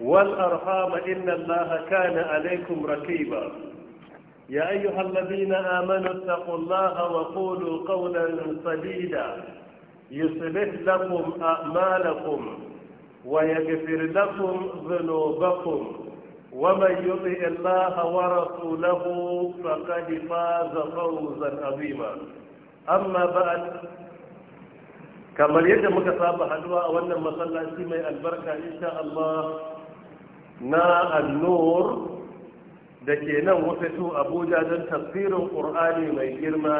والأرحام إن الله كان عليكم ركيبا يا أيها الذين آمنوا اتقوا الله وقولوا قولا سديدا يصلح لكم أعمالكم ويغفر لكم ذنوبكم ومن يطع الله ورسوله فقد فاز فوزا عظيما أما بعد كما يجب مكتاب حلوى وأن المصلى سمي البركة إن شاء الله na annur da ke nan wata wafitu abuja don tafsirin ƙur'ani mai girma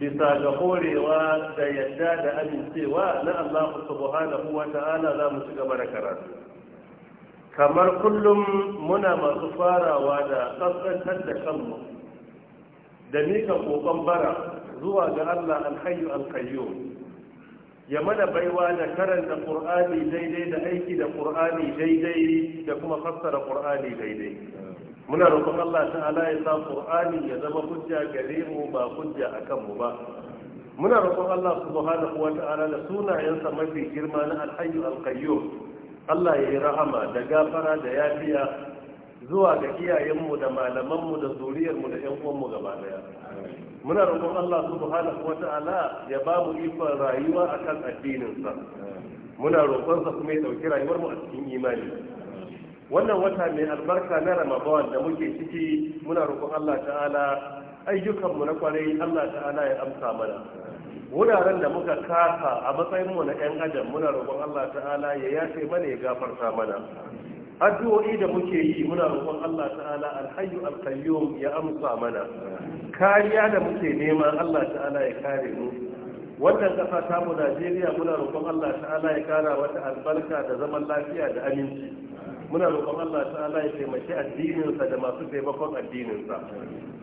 bisa ga horewa da yadda da amincewa na allah subhanahu wa ta'ala za mu ci gaba da karatu kamar kullum muna masu farawa da ƙasƙantar da kanmu da mika kokon bara zuwa ga allah alhayu alkayyum ya mana baiwa da karanta qur'ani daidai da aiki da qur'ani daidai da kuma fassara qur'ani daidai muna roƙon Allah ta'ala ya sa qur'ani ya zama hujja gare mu ba hujja akan mu ba muna roƙon Allah subhanahu wa ta'ala da sunayensa mafi girma na alhayyu alqayyum Allah ya yi rahama da gafara da yafiya zuwa ga iyayenmu da malamanmu da zuriyarmu da yan uwanmu gaba daya muna roƙon Allah subhanahu wata'ala ya ba mu ikon rayuwa a kan addininsa muna roƙonsa kuma ya ɗauki rayuwar mu a cikin imani wannan wata mai albarka na ramadan da muke ciki muna roƙon Allah ta'ala ayyukanmu na kwarai Allah ta'ala ya amsa mana wuraren da muka kasa a matsayinmu na 'yan adam muna roƙon Allah ta'ala ya yafe mana ya gafarta mana addu'o'i da muke yi muna roƙon Allah ta'ala alhayu alqayyum ya amsa mana kariya da muke nema Allah ta'ala ya kare mu wannan kasa ta mu Najeriya muna roƙon Allah ta'ala ya kara wata albarka da zaman lafiya da aminci muna roƙon Allah ta'ala ya taimaki addininsa da masu taimakon addininsa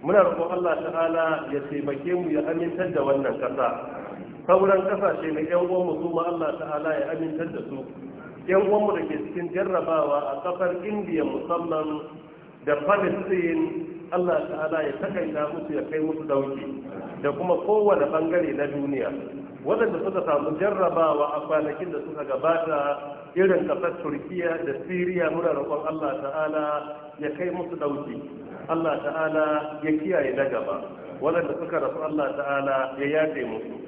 muna roƙon Allah ta'ala ya taimake mu ya amintar da wannan kasa sauran kasashe na ƴan uwan mu kuma Allah ta'ala ya amintar da su yan uwanmu da ke cikin jarrabawa a kafar indiya musamman da palestine allah ta'ala ya takaita musu ya kai musu dauki da kuma kowane bangare na duniya waɗanda suka samu jarrabawa a kwanakin da suka gabata irin kasar turkiya da siriya muna roƙon allah ta'ala ya kai musu dauki allah ta'ala ya kiyaye na gaba waɗanda suka rasu allah ta'ala ya yafe musu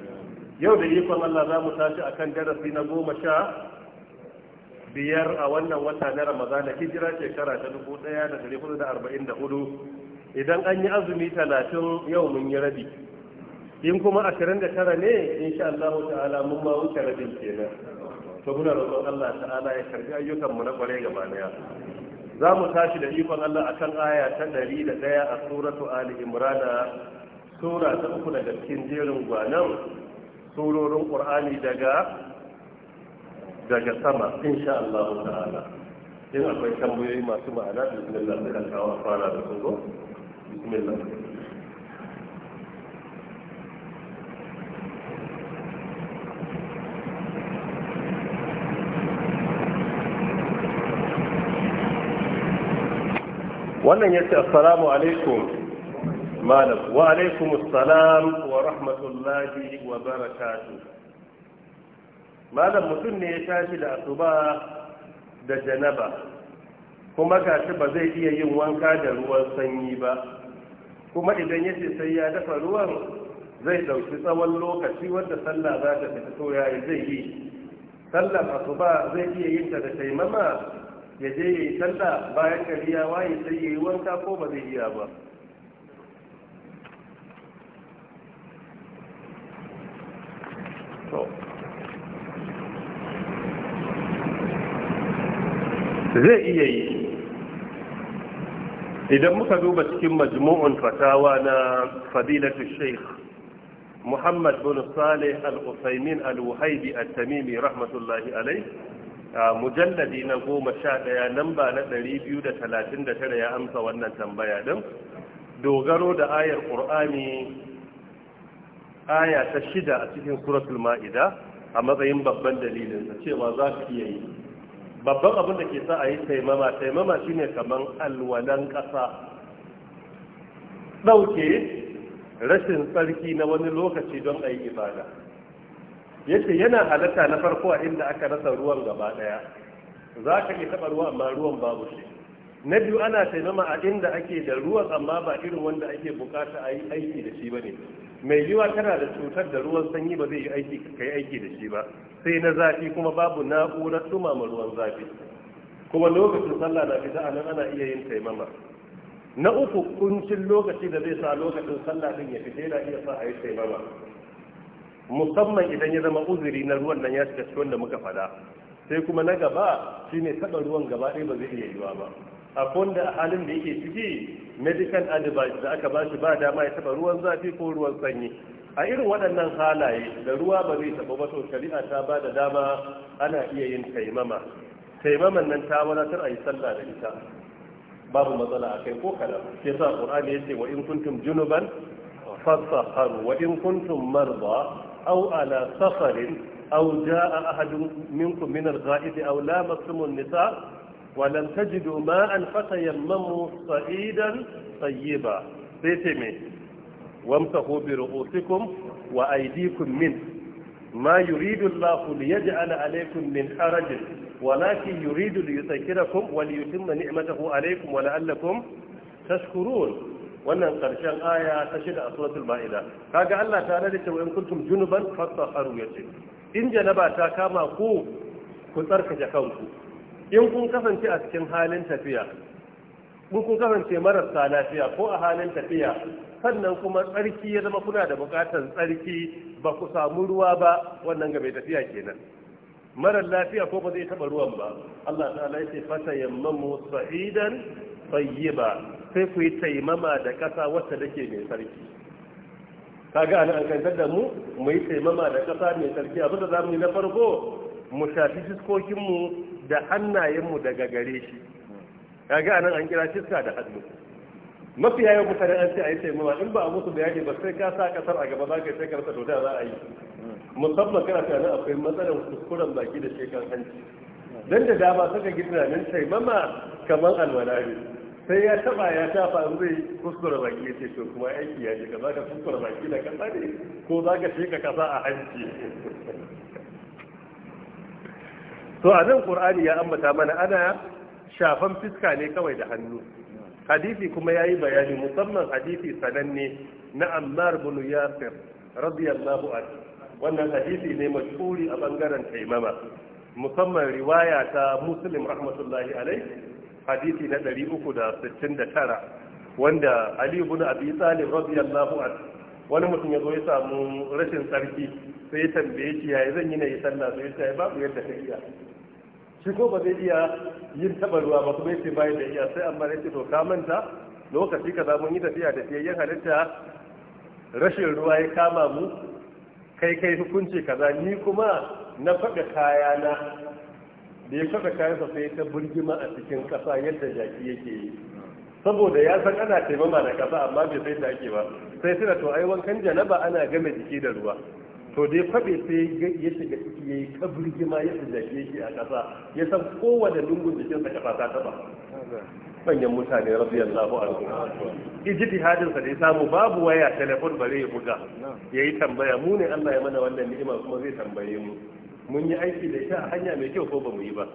yau da ikon allah za mu tashi akan darasi na goma sha biyar a wannan wata na ramadana hijira shekara ta dubu ɗaya da dari hudu da arba'in da hudu idan an yi azumi talatin yau mun yi rabi in kuma ashirin da tara ne insha allahu ta'ala mun ma wuce rabin kenan to muna roƙon allah ta'ala ya karbi ayyukanmu na kwarai gaba daya za mu tashi da ikon allah akan aya ta ɗari da ɗaya a suratu ali imrana sura ta uku daga cikin jerin gwanan surorin qur'ani daga daga sama in sha Allah ta'ala in akwai tambayoyi masu ma'ana bismillah sai kan kawo fara da kungo bismillah wannan yace assalamu alaikum malam wa alaikum assalam wa rahmatullahi wa barakatuh malam mutum ne ya tashi da asuba da janaba kuma gashi ba zai iya yin wanka da ruwan sanyi ba kuma idan ya ce sai ya dafa ruwan zai dauki tsawon lokaci wanda sallah za ta to ya yi zai yi sallar asuba zai iya yin ta da taimama ya je yi sallah bayan gari ya waye sai ya yi wanka ko ba zai iya ba zai iya yi idan muka duba cikin majmu'un fatawa na fadilatu sheikh muhammad bin salih al-usaimin al-wuhaidi al-tamimi rahmatullahi alai mujalladi na goma sha ɗaya namba na ɗari biyu da talatin da tara ya amsa wannan tambaya din. dogaro da ayar ƙur'ani aya ta shida a cikin suratul ma'ida a matsayin babban dalilinsa cewa za su iya yi babban abin da ke sa a yi taimama taimama shine kamar alwalan ƙasa ɗauke rashin tsarki na wani lokaci don a yi ibada ce yana halatta na farko a inda aka rasa ruwan gaba ɗaya za ka iya taɓa ruwa amma ruwan babu shi na biyu ana taimama a inda ake da ruwan amma ba irin wanda ake bukata a yi aiki da shi ba ne mai yiwa tana da cutar da ruwan sanyi ba zai yi aiki kai aiki da shi ba sai na zafi kuma babu na'urar tumama ruwan zafi kuma lokacin sallah na fita anan ana iya yin taimama na uku kuncin lokaci da zai sa lokacin sallah din ya fita yana iya sa a yi taimama musamman idan ya zama uzuri na ruwan nan ya shiga cikin da muka fada sai kuma na gaba shine taɓa ruwan gaba ɗaya ba zai iya yiwa ba akwai da halin da yake ciki medical advice da aka bashi ba dama ya taba ruwan zafi ko ruwan sanyi a irin waɗannan halaye da ruwa ba zai taba ba to shari'a ta ba da dama ana iya yin taimama taimaman nan ta wadatar a yi sallah da ita babu matsala a kai ko kalam sa yasa qur'ani yace wa in kuntum junuban fasaharu wa in kuntum marda aw ala safarin aw jaa ahadun minkum min al-gha'ib aw nisa walam tajidu ma'an fatayammamu sa'idan tayyiba sai ce me wamsahu bi ru'usikum wa aydikum min ma yuridu Allahu liyaj'al alaykum min harajin walakin yuridu liyuthakkirakum wa liyutimma wannan ƙarshen aya ta shida a suratul ma'ida kaga Allah ta rada cewa in kuntum junuban fasaharu yace in janaba ta kama ku ku tsarkake kanku in kun kasance a cikin halin tafiya in kun kasance marasa lafiya ko a halin tafiya sannan kuma tsarki ya zama kuna da bukatar tsarki ba ku samu ruwa ba wannan ga mai tafiya kenan marar lafiya ko ba zai taba ruwan ba Allah ta'ala ya ce fata yammamu sa'idan tayyiba sai ku yi taimama da kasa wacce take mai tsarki. kaga an an da mu mu yi taimama da kasa mai tsarki? abin da zamu yi na farko mu shafi fiskokin mu da hannayenmu daga gare shi kaga anan an kira fiska da hannu mafi yawan mutane an ce a yi taimama, in ba a musu bayani ba sai ka sa kasar a gaba za ka sai karsa da za a yi musamman kana tunanin akwai matsalar kuskuren baki da shekar hanci dan da dama suka gina nan taimama kamar alwala sai ya taba ya tafa in zai kuskure baki ya ce to kuma aiki ya ji ka za ka kuskure baki da kasa ne ko za ka sheka kasa a hanci to a nan qur'ani ya ambata mana ana shafan fiska ne kawai da hannu hadisi kuma ya yi bayani musamman hadisi sananne na ammar bin yasir radiyallahu anhu wannan hadisi ne mashhuri a bangaren taimama musamman riwaya ta muslim rahmatullahi alai hadisi na 369 wanda ali ibn abi talib radiyallahu anhu wani mutum ya zo ya samu rashin tsarki sai ya tambaye shi yayi zan yi na yi sallah sai ya ce babu yadda ka iya shi ko ba zai iya yin taɓa ruwa ba kuma yace bayan da iya sai amma yace to ka manta lokaci ka zamun yi tafiya da yin halitta rashin ruwa ya kama mu kai kai hukunci kaza ni kuma na faɗa kaya na da ya faɗa kayan sa sai ta burgima a cikin ƙasa yadda jaki yake yi saboda ya san ana taimama da ƙasa amma bai sai ake ba sai suna to ai wankan janaba ana game jiki da ruwa to dai faɗe sai ya shiga ciki ya yi kabirgi ma ya tsallake shi a ƙasa ya san kowane lungun jikinsa ƙasa ta taɓa manyan mutane radiyallahu anhu ijtihadin sa da ya samu babu waya telefon bare ya buga Ya yi tambaya mu ne Allah ya mana wannan ni'ima kuma zai tambaye mu mun yi aiki da shi a hanya mai kyau ko ba mu yi ba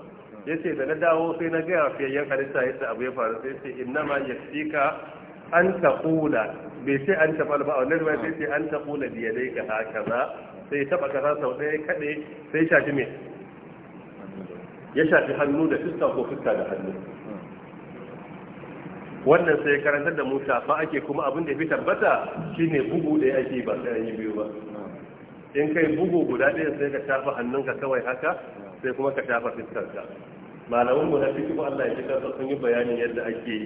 Ya ce da na dawo sai na gaya wa fiyayyen halitta yadda abu ya faru sai ce ya yaktika an Kula. bai sai an tafal ba wannan ruwa sai sai an taqula ka haka ba? sai ya taba kaza sau ɗaya kaɗe sai ya shafi mai ya shafi hannu da fuska ko fuska da hannu wannan sai karantar da musa ba ake kuma abin da ya fi tabbata shine bugu da ake ba sai an yi biyu ba in kai bugu guda ɗaya sai ka shafa hannunka kawai haka sai kuma ka shafa fuskarka malamin mu na fiki Allah ya ji sun yi bayanin yadda ake yi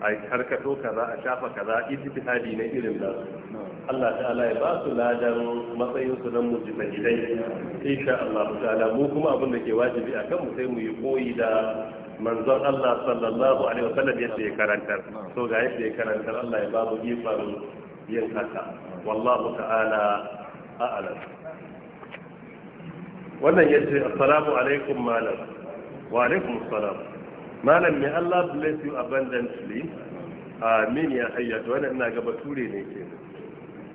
a karkato kaza a shafa kaza ijtihadi na irin da Allah ta'ala ya ba su ladan matsayin su na mujtahidai insha Allah ta'ala mu kuma abin da ke wajibi akan mu sai mu yi koyi da manzon Allah sallallahu alaihi wa sallam yadda ya karantar so ga yadda ya karantar Allah ya ba mu ifan yin haka wallahu ta'ala a'lam wannan yace assalamu alaikum malam wa alaikum assalam malam may Allah bless you abundantly amin ya hayya to wannan ina ga bature ne ke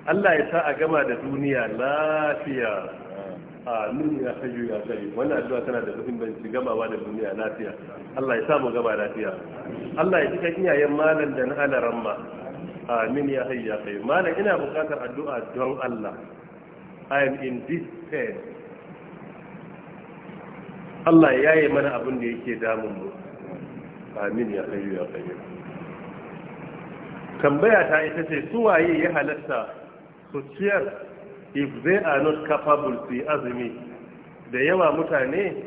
Allah ya sa a gama da duniya lafiya amin ya hayyu ya kai wannan addu'a tana da muhimmanci gamawa da duniya lafiya Allah ya sa mu gaba lafiya Allah ya cika iyayen malam da na ramma. amin ya hayya kai malam ina bukatar addu'a don Allah I am in this pain Allah ya yi mana abin da yake damun mu amin ya hayyu ya qayyum tambaya ta ita ce su waye ya halatta su ciyar if they are not capable to azumi da yawa mutane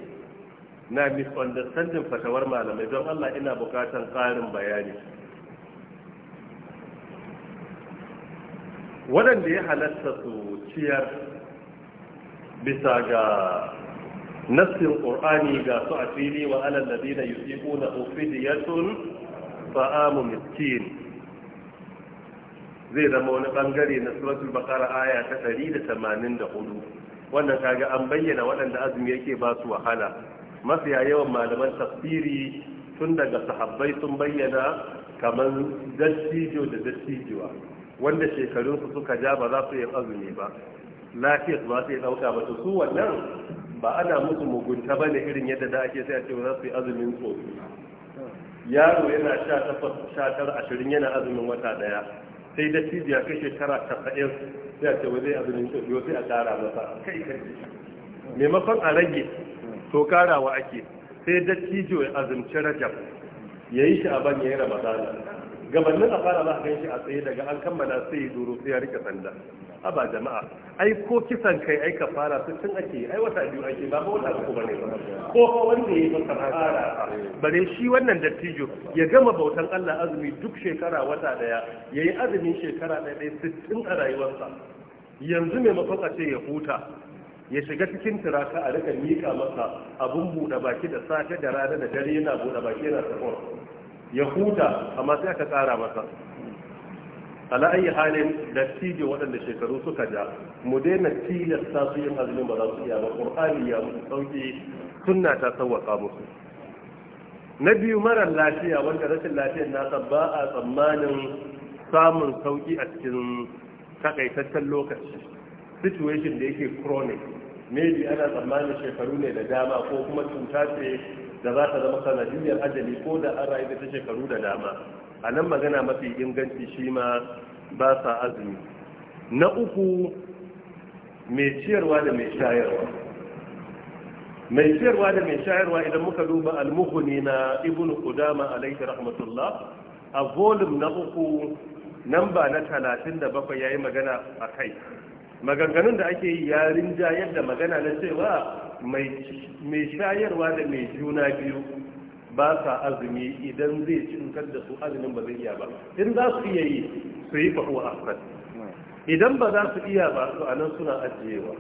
na misunderstanding fatawar malamai don Allah ina bukatan karin bayani waɗanda ya halatta su ciyar bisa ga nassin qur'ani ga su a fili wa alal ladina yusiquna ufidiyatun fa'amu miskin zai zama wani bangare na suratul baqara aya ta 184 wannan kaga an bayyana waɗanda azumi yake ba su wahala mafiya yawan malaman tafsiri tun daga sahabbai sun bayyana kamar dattijo da dattijuwa wanda shekarunsu suka ja ba za su yi azumi ba lafiyar ba su yi ɗauka ba su wannan ba ana musu mugunta ba ne irin yadda da ake sai a ce za su yi azumin tsofi yaro yana sha takwas sha tara ashirin yana azumin wata daya sai da cibiya kai shekara tasa'in sai a ce wa zai azumin tsofi sai a kara masa kai kai maimakon a rage to karawa ake sai da cijo ya azumci rajab ya yi shi a ban ya yi ramadana gabanin a fara za a ganshi a tsaye daga an kammala sai ya duro sai ya rike sanda ba jama'a ai ko kisan kai ai ka fara su tun ake ai wata biyu ake ba ba wata uku bane ko ko wanda ya yi fara bare shi wannan dattijo ya gama bautan Allah azumi duk shekara wata daya yayi azumin shekara daya dai a rayuwarsa yanzu maimakon a ce ya huta ya shiga cikin tiraka a rika mika masa abun buɗe baki da safe da rana da dare yana buɗe baki yana sahur ya huta amma sai aka tsara masa ala ayi halin da tije waɗanda shekaru suka ja mu daina tilasta su yin azumin ba za su iya ba qur'ani ya musu sauki sunna ta sawwaka musu na biyu mara lafiya wanda rashin lafiyar na ba a tsammanin samun sauki a cikin takaitaccen lokaci situation da yake chronic maybe ana tsammanin shekaru ne da dama ko kuma cuta ce da za ta zama sanadiyyar ajali ko da an rayu da ta shekaru da dama a nan magana mafi inganci shi ma ba sa azumi na uku mai ciyarwa da mai shayarwa mai ciyarwa da mai shayarwa idan muka duba almuhuni na ibn qudama alaihi rahmatullah a volume na uku nan ba na talatin da bakwai ya yi magana a kai maganganun da ake yi ya yadda magana na cewa mai shayarwa da mai juna biyu ba sa azumi idan zai cinkar da su azumin ba zai iya ba in za su iya yi su yi fahu a idan ba za su iya ba su anan suna ajiyewa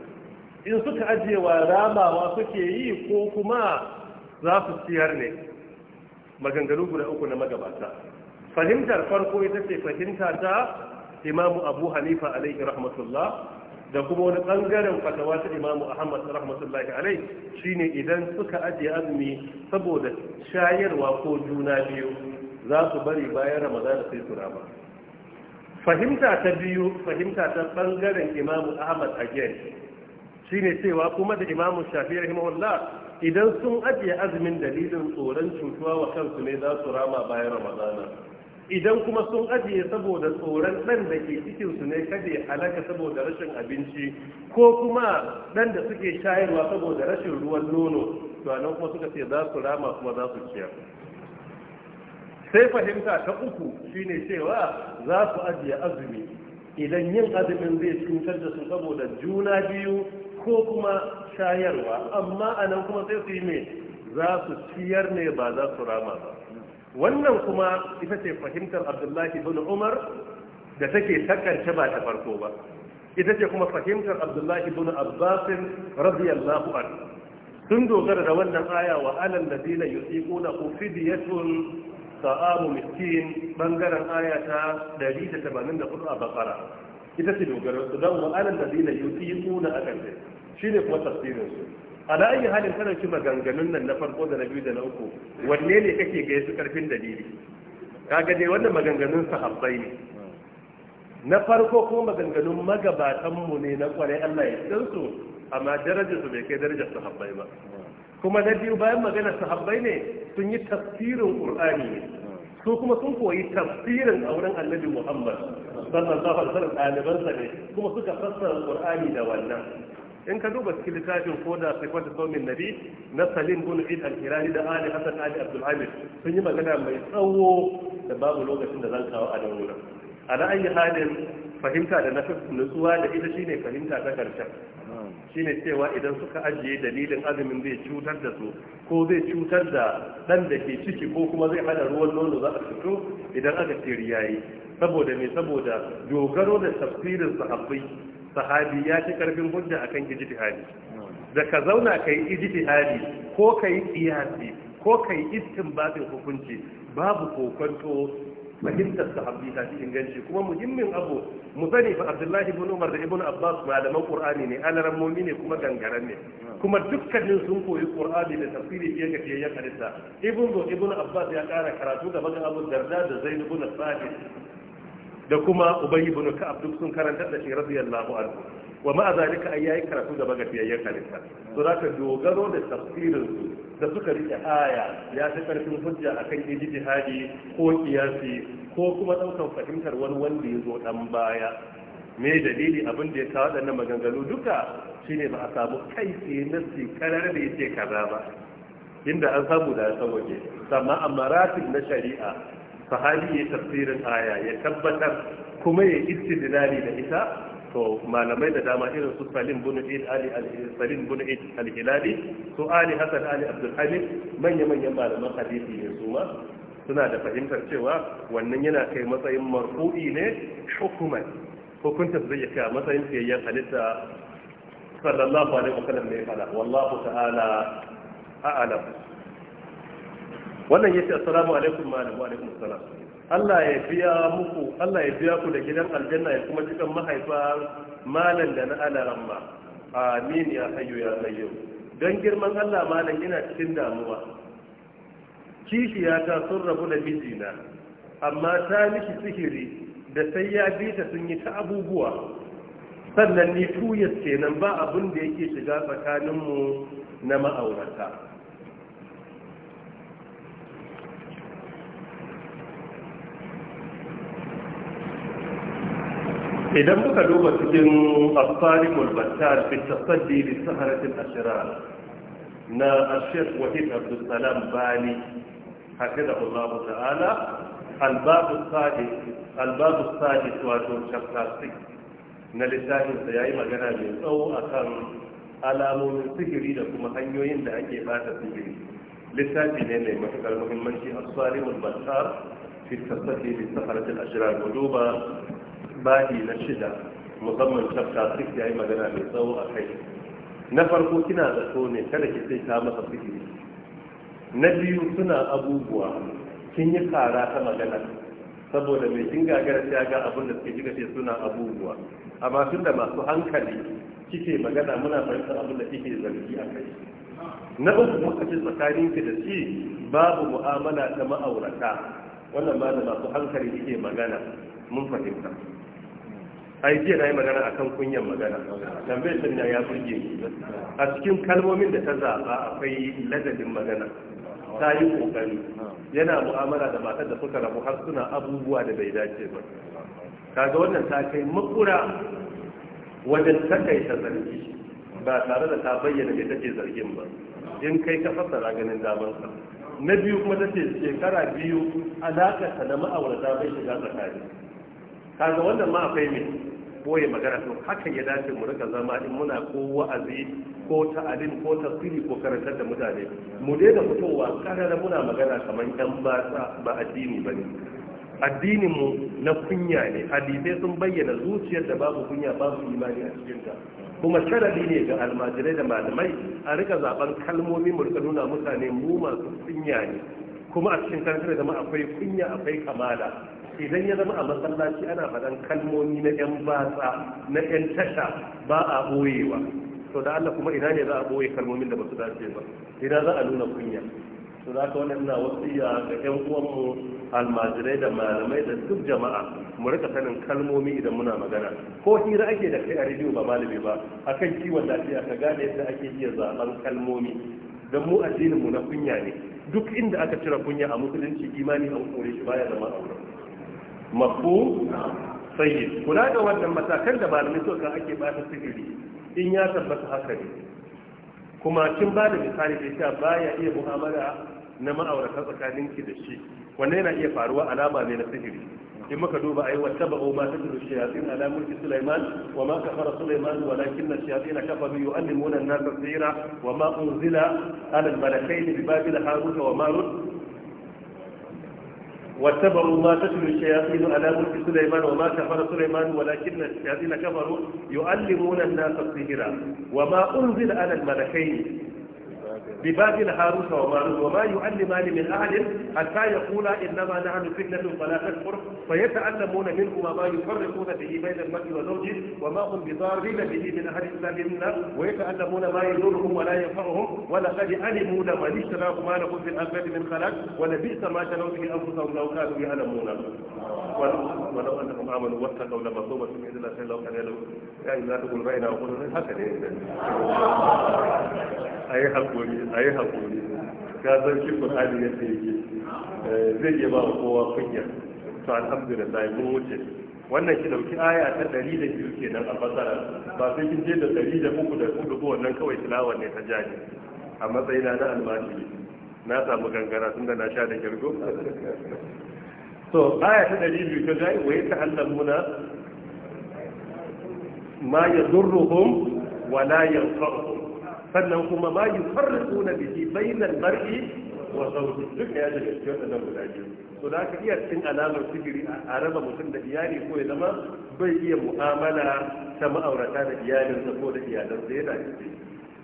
in suka ajiyewa ramawa suke yi ko kuma za su siyar ne maganganu guda uku na magabata fahimtar farko ita ce fahimta ta imamu abu hanifa alaihi rahmatullah da kuma wani bangaren fatawa ta imamu ahmad rahmatullahi alai shine idan suka ajiye azumi saboda shayarwa ko juna biyu za su bari bayan ramadana sai su rama fahimta ta biyu fahimta ta bangaren imamu ahmad again shine cewa kuma da imamu shafi rahimahullah idan sun ajiye azumin dalilin tsoron cutuwa wa kansu ne za su rama bayan ramadana idan kuma sun ajiye saboda tsoron ɗan da ke cikinsu ne kada ya halaka saboda rashin abinci ko kuma ɗan da suke shayarwa saboda rashin ruwan nono to anan kuma suka ce za su rama kuma za su ciyar sai fahimta ta uku shine cewa za su ajiye azumi idan yin azumin zai cutar da su saboda juna biyu ko kuma shayarwa amma anan kuma sai su yi ne za su ciyar ne ba za su rama ba wannan kuma ita ce fahimtar abdullahi bin umar da take ta ba ta farko ba ita ce kuma fahimtar abdullahi bin abbasin radiyallahu an sun dogara da wannan aya wa alal ladina yusiquna hu fidyatun sa'amu miskin bangaren aya ta 184 a bakara ita ce dogara su dan wa alal ladina yusiquna akan shi ne kuma tafsirin su ala ayi halin kana ci maganganun nan na farko da na biyu da na uku wanne ne kake ga su karfin dalili kaga dai wannan maganganun sahabbai ne na farko kuma maganganun magabatan mu ne na kwarai Allah ya san su amma darajar su bai kai darajar sahabbai ba kuma na biyu bayan magana sahabbai ne sun yi tafsirin qur'ani ne su kuma sun koyi tafsirin auren annabi Muhammad sallallahu alaihi wasallam ɗalibansa ne kuma suka fassara qur'ani da wannan in ka duba cikin littafin ko da sai kwanta saumin nabi na salim bin id al-kirani da ali hasan ali abdul hamid sun yi magana mai tsawo da babu lokacin da zan kawo a nan A ala halin fahimta da nutsuwa da ita shine fahimta ta karshen shine cewa idan suka ajiye dalilin azumin zai cutar da su ko zai cutar da dan da ke ciki ko kuma zai hada ruwan nono za a fito idan aka ce riyayi saboda me saboda dogaro da tafsirin sahabbai sahabi ya ci karfin hujja akan ijtihadi da ka zauna kai ijtihadi ko kai qiyasi ko kai istinbatin hukunci babu kokonto fahimtar sahabbi ta cikin ganci kuma muhimmin abu mu sani fa Abdullahi ibn Umar da Ibn Abbas malaman Qur'ani ne alaran ne kuma gangaren ne kuma dukkanin sun koyi Qur'ani da tafsiri fiye ga fiye ya karanta Ibn Abbas ya kara karatu da magan Abu Darda da Zainabu ibn Sabit da kuma ubayi bin ka'ab duk sun karanta da shi radiyallahu anhu wa ma zalika ay yayi karatu da bagafiyayyen halitta to zaka dogaro da tafsirin su da suka rike aya ya ta karfin hujja akan ijtihadi ko kiyasi ko kuma daukan fahimtar wani wanda ya zo dan baya me dalili abin da ya kawo waɗannan maganganu duka shine ba a samu kai tsaye nasi karar da yake kaza ba inda an samu da ya waje amma a marafin na shari'a sahabi ya tafsirin aya ya tabbatar kuma ya istidlali da ita to malamai da dama irin su Salim bin Eid Ali Salim bin al-Hilali su Ali Hassan Ali Abdul Hamid manya-manyan malaman hadisi ne su ma suna da fahimtar cewa wannan yana kai matsayin marfu'i ne hukuman hukunta zai yi kai matsayin fiyayyen halitta sallallahu alaihi wasallam ne fada wallahu ta'ala a'lam wannan yace assalamu alaikum malam wa alaikum assalam Allah ya biya muku Allah ya biya ku da gidan aljanna ya kuma cikin mahaifa malam da na alaramma amin ya hayyu ya hayyu don girman Allah malam ina cikin damuwa kishiyata sun rabu da mijina amma ta miki sihiri da sai ya bi ta sun yi ta abubuwa sannan ni tuyas kenan ba abin da yake shiga tsakaninmu na ma'aurata idan muka duba cikin asali mulbatar fi tasaddi da saharatin ashira, na ashir wahid abdulsalam bani hafizahullah ta'ala albabu sadis albabu sadis wato chapter 6 na littafin sa yayi magana mai tsawo akan alamomin sihiri da kuma hanyoyin da ake bata sihiri littafi ne mai matukar muhimmanci asali mulbatar fi tasaddi da saharatin ashira, ku duba babi na shida musamman chapter suke yayi magana mai tsawo a kai na farko kina zato ne kada ki sai ta masa fikiri na biyu suna abubuwa kin yi kara ta magana saboda mai kin gagara ya ga abin da suke kika ce suna abubuwa amma tun da masu hankali kike magana muna fahimtar abin da kike zargi a kai na uku muka ce tsakanin ki da shi babu mu'amala ta ma'aurata wannan ba da masu hankali kike magana mun fahimta ai jiya na yi magana a kan kunyan magana tambayar sun ya burge a cikin kalmomin da ta zaba akwai ladadin magana ta yi ƙoƙari yana mu'amala da matar da suka rabu har suna abubuwa da bai dace ba kaga wannan ta kai makura wajen ta kai ta zargi ba tare da ta bayyana da take zargin ba in kai ka fassara ganin ka. na biyu kuma ta ce shekara biyu alaƙarta na ma'aurata bai shiga tsakani kaga wannan ma akwai mai boye magana to hakan ya dace mu rika zama in muna ko wa'azi ko ta'alim ko tafsiri ko karantar da mutane mu daina fitowa karara muna magana kamar yan basa ba addini bane addinin mu na kunya ne hadisai sun bayyana zuciyar da babu kunya babu imani a cikin ta kuma sharadi ne ga almajirai da malamai a rika zaben kalmomi mu rika nuna mutane mu masu kunya ne kuma a cikin karantar da akwai kunya akwai kamala idan ya zama a masallaci ana faɗan kalmomi na yan batsa na yan tasha ba a ɓoyewa. to da Allah kuma ina ne za a ɓoye kalmomin da ba su dace ba ina za a nuna kunya to za ka wannan na wasiya ga yan uwanmu almajirai da malamai da duk jama'a mu rika sanin kalmomi idan muna magana ko hira ake da kai a rediyo ba malami ba akan kiwon lafiya ka gane yadda ake iya zaben kalmomi don mu addinin mu na kunya ne duk inda aka cire kunya a musulunci imani a kore shi baya zama wurin mafu sai kula da wannan matakan da malamai suka ake bata sigiri in ya tabbata haka ne kuma kin ba da misali da cewa baya iya mu'amala na ma'aurata tsakaninki da shi wannan yana iya faruwa alama ne na sigiri in muka duba ai wa tabu ma duru shayatin ala mulki sulaiman wa ma kafara sulaiman walakin ash-shayatin kafaru yu'allimuna an-nasa sihra wa ma unzila ala al-malakaini bi babil harut wa marut واتبعوا ما تتل الشياطين على ملك سليمان وما كفر سليمان ولكن الشياطين كفروا يعلمون الناس السحر وما انزل على الملكين ببابل هاروس وماروس وما يعلمان من أحد حتى يقولا إنما نحن فتنة فلا تكفر فيتعلمون منهما ما يفرقون به بين المرء وزوجه وما هم بضارين به من أهل منا ويتعلمون ما يضرهم ولا ينفعهم ولقد علموا لمن اشتراه ما لهم في الآخرة من خلق ولبئس ما شروا به أنفسهم لو كانوا يعلمون ولو أنهم آمنوا واتقوا لما صوبت من الله خير لو كان shayi za ta ina haka ne a yi haƙuri a yi haƙuri ka san shi ƙur'ani yadda yake eh, zai iya ba kowa kunya to alhamdulillah mun wuce wannan ki dauki aya ta kenan a fasara ba sai kin je da 103 da 4 ko wannan kawai tilawar ne ta jani a matsayina na almasi. na samu gangara tunda na sha da kirgo to aya ta 200 ta jani wa ma yadurruhum wa la yanfa'uhum sannan kuma ma na biki bai bainal mar'i wa sauri. duk ya da cikin wannan guda biyu to da ka iya cikin alamar sigiri a raba mutum da iyali ko ya zama bai iya mu'amala ta ma'aurata da iyalinsa ko da iyalansa yana ciki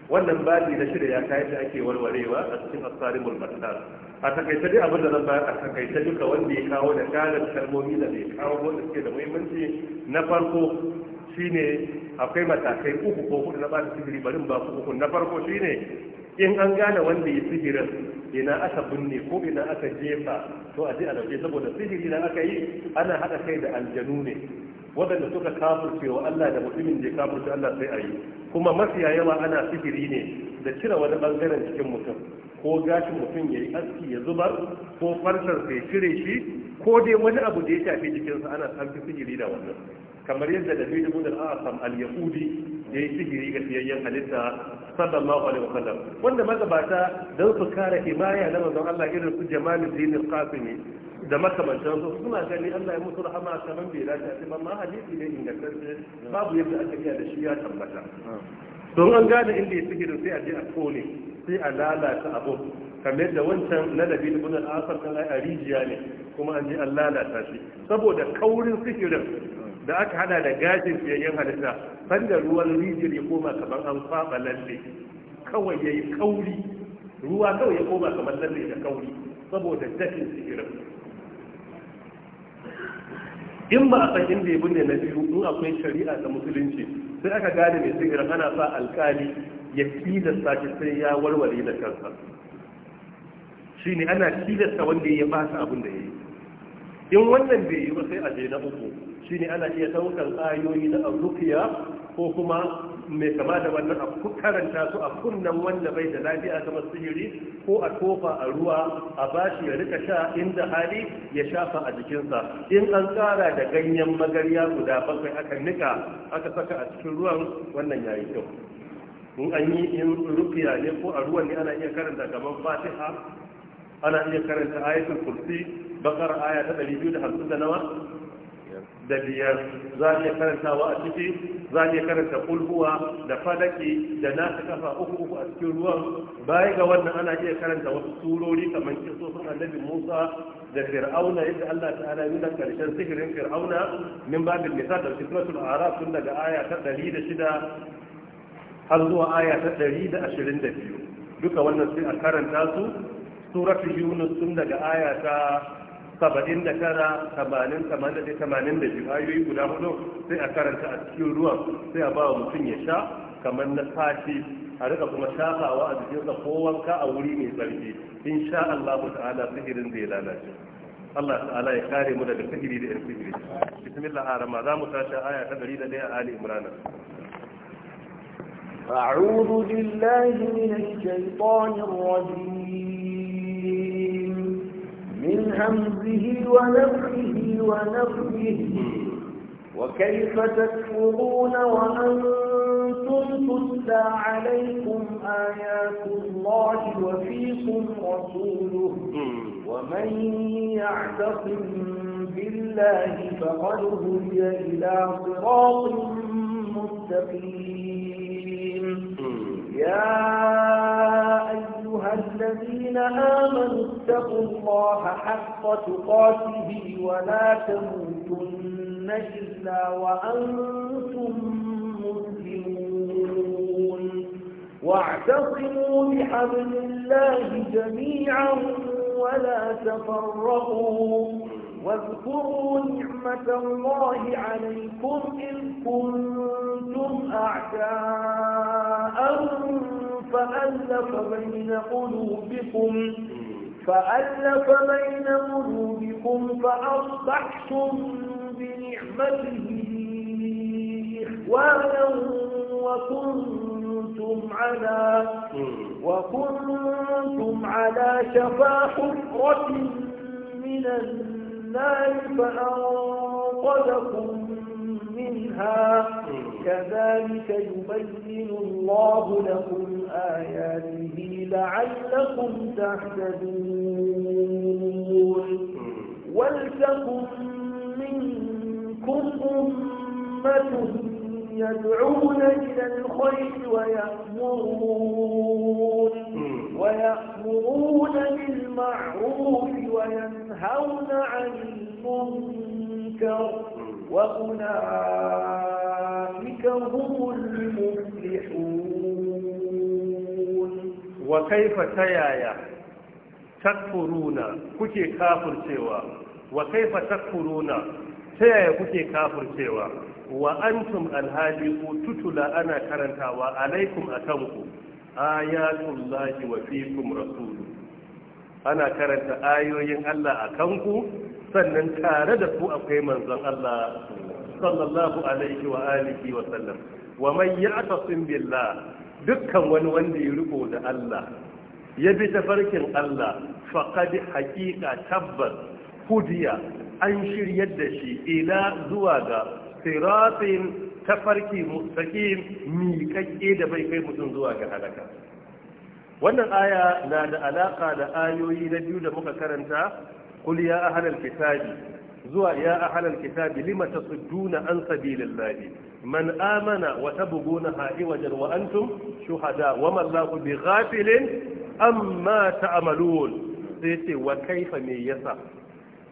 wannan babi na shirya ya kayan da ake warwarewa a cikin asarimul battar a takaice dai abin da zan bayar a takaice duka wanda ya kawo da karin kalmomi da bai kawo wanda suke da muhimmanci na farko shine akwai matakai uku ko hudu na ba da sihiri bari ba su uku na farko shine in an gane wanda ya sihirin ina aka binne ko ina aka jefa to a ji a dauke saboda sihiri na aka yi ana hada kai da aljanu ne waɗanda suka kafurce wa Allah da mutumin da ya kafurce Allah sai a yi kuma mafiya yawa ana sihiri ne da cire wani bangaren cikin mutum ko gashin mutum ya yi aski ya zubar ko farsar sai cire shi ko dai wani abu da ya shafi jikinsa ana sarki sigiri da wannan kamar yadda da zai gudun asam al-yahudi ya yi ga siyayyen halitta sallallahu alaihi wasallam wanda magabata don su kare himaya na manzon Allah irin su jamalu dinin qasimi da makamantan su suna gani Allah ya musu rahama kaman bai dace ba ma hadisi ne ingantacce babu yadda aka iya da shi ya tabbata don an gane inda ya sigiri sai a je a kone sai a lalata abu kamar da wancan na da ibn gudun asar kan ai rijiya ne kuma an ji an lalata shi saboda kaurin sikirin da aka hada da gashin fiyayyen halitta sanda ruwan rijiyar ya koma kamar an faɓa lalle kawai yayi kauri ruwa kawai ya koma kamar lalle da kauri saboda dafin sikirin in ba a san inda ya binne na biyu in akwai shari'a ta musulunci sai aka gane mai sihirin ana sa alkali ya da sake sai ya warware da kansa ne ana tilasta wanda ya su abin da ya yi in wannan bai yi ba sai a je na uku shine ana iya daukan ayoyi na rukiya ko kuma mai kama da wannan a karanta su a kunnan wanda bai da lafiya kamar sihiri ko a tofa a ruwa a bashi ya rika sha inda hali ya shafa a jikinsa in an tsara da ganyen magarya guda bakwai aka nika aka saka a cikin ruwan wannan yayi kyau in an yi in rukiya ne ko a ruwan ne ana iya karanta kamar fatiha ana iya karanta ayatul kursi bakar aya ta 250 da nawa da biyar za a iya karantawa a ciki za a iya karanta kulhuwa da fadaki da na ta kafa uku uku a cikin ruwan baya ga wannan ana iya karanta wasu surori kamar kisofin annabi musa da fir'auna yadda allah ta ala nuna karshen sihirin fir'auna min babin nisa da fitnatul arab tun daga aya ta ɗari da shida har zuwa aya ta ɗari da ashirin da biyu duka wannan sai a karanta su suratu yunus sun daga aya ta saba'in da tara tamanin tamanin da tamanin da biyu ayoyi guda hudu sai a karanta a cikin ruwan sai a ba wa mutum ya sha kamar na sati a rika kuma shafawa a jikinsa ko wanka a wuri mai tsarki in sha Allah ta'ala sihirin zai lalace Allah ta'ala ya kare mu daga sihiri da yan sihiri bismillah arama za mu tashi aya ta 101 a Ali Imran أعوذ بالله من الشيطان الرجيم من همزه ونفعه ونفخه وكيف تكفرون وأنتم تتلى عليكم آيات الله وفيكم رسوله ومن يعتصم بالله فقد هدي إلى صراط مستقيم يا أيها الذين آمنوا اتقوا الله حق تقاته ولا تموتن إلا وأنتم مسلمون واعتصموا بحبل الله جميعا ولا تفرقوا واذكروا نعمة الله عليكم إن كنتم أعداء فألف بين قلوبكم فألف بين قلوبكم فأصبحتم بنعمته إخوانا وكنتم على وكنتم على شفا حفرة من النار فأنقذكم منها كذلك يبين الله لكم آياته لعلكم تهتدون ولتكن منكم أمة يدعون إلى الخير ويأمرون ويأمرون بالمعروف وينهون عن المنكر وأولئك هم المفلحون وكيف تيايا تكفرون كتي كافر سوا وكيف تكفرون تيايا كتي كافر سوا وأنتم الهالي تتلى أنا كرنتا وعليكم أتمكم آيات الله وفيكم رسوله أنا كرنت آيوين ألا أكمكم sannan tare da su akwai manzon Allah sallallahu alaihi wa alihi wa sallam wa man ya'tasim billah dukkan wani wanda ya riko da Allah ya bi tafarkin Allah faqad haqiqa tabbas hudiya an shiryar da shi ila zuwa ga siratin tafarki mustaqim miƙaƙƙe da bai kai mutum zuwa ga halaka wannan aya na da alaka da ayoyi na biyu da muka karanta qul ya ahlal kitabi zuwa ya ahlal kitabi lima tasudduna an sabilillahi man amana wa tabghuna ha'iwajan wajen wa'antun shuhada wa man lahu bighafilin amma ta'malun sai ce wa kaifa me yasa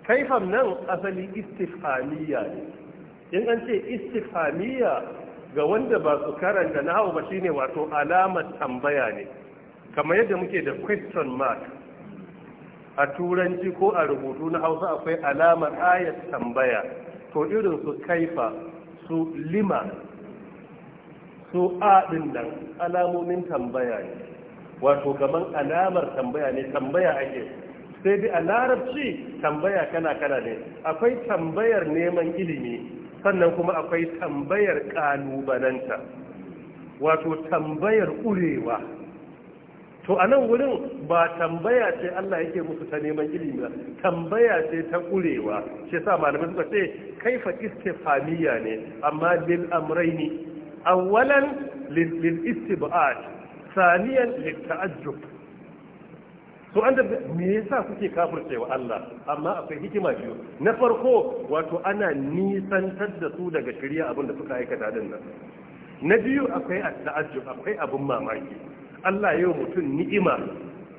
kaifan nan asali istifhamiyya ne in an ce istifhamiyya ga wanda ba su karanta na hau ba shine wato alamar tambaya ne kamar yadda muke da question mark a turanci ko a rubutu na hausa akwai alamar ayat tambaya to irin su kaifa su lima su aɗin nan alamomin tambaya ne wato gaban alamar tambaya ne tambaya ake sai dai a larabci tambaya kana kana ne akwai tambayar neman ilimi sannan kuma akwai tambayar ƙalubalanta wato tambayar ƙurewa to a nan wurin ba tambaya ce Allah yake musu ta neman ilimi tambaya ce ta kurewa shi sa malamai suka ce fa istifamiya ne amma lil amraini awwalan lil istibad saniyan lil ta'ajjub to an da me yasa kuke kafircewa Allah amma akwai hikima biyu na farko wato ana nisantar da su daga shari'a abin da suka aikata din nan na biyu akwai taajjub akwai abin mamaki Allah yau mutum ni'ima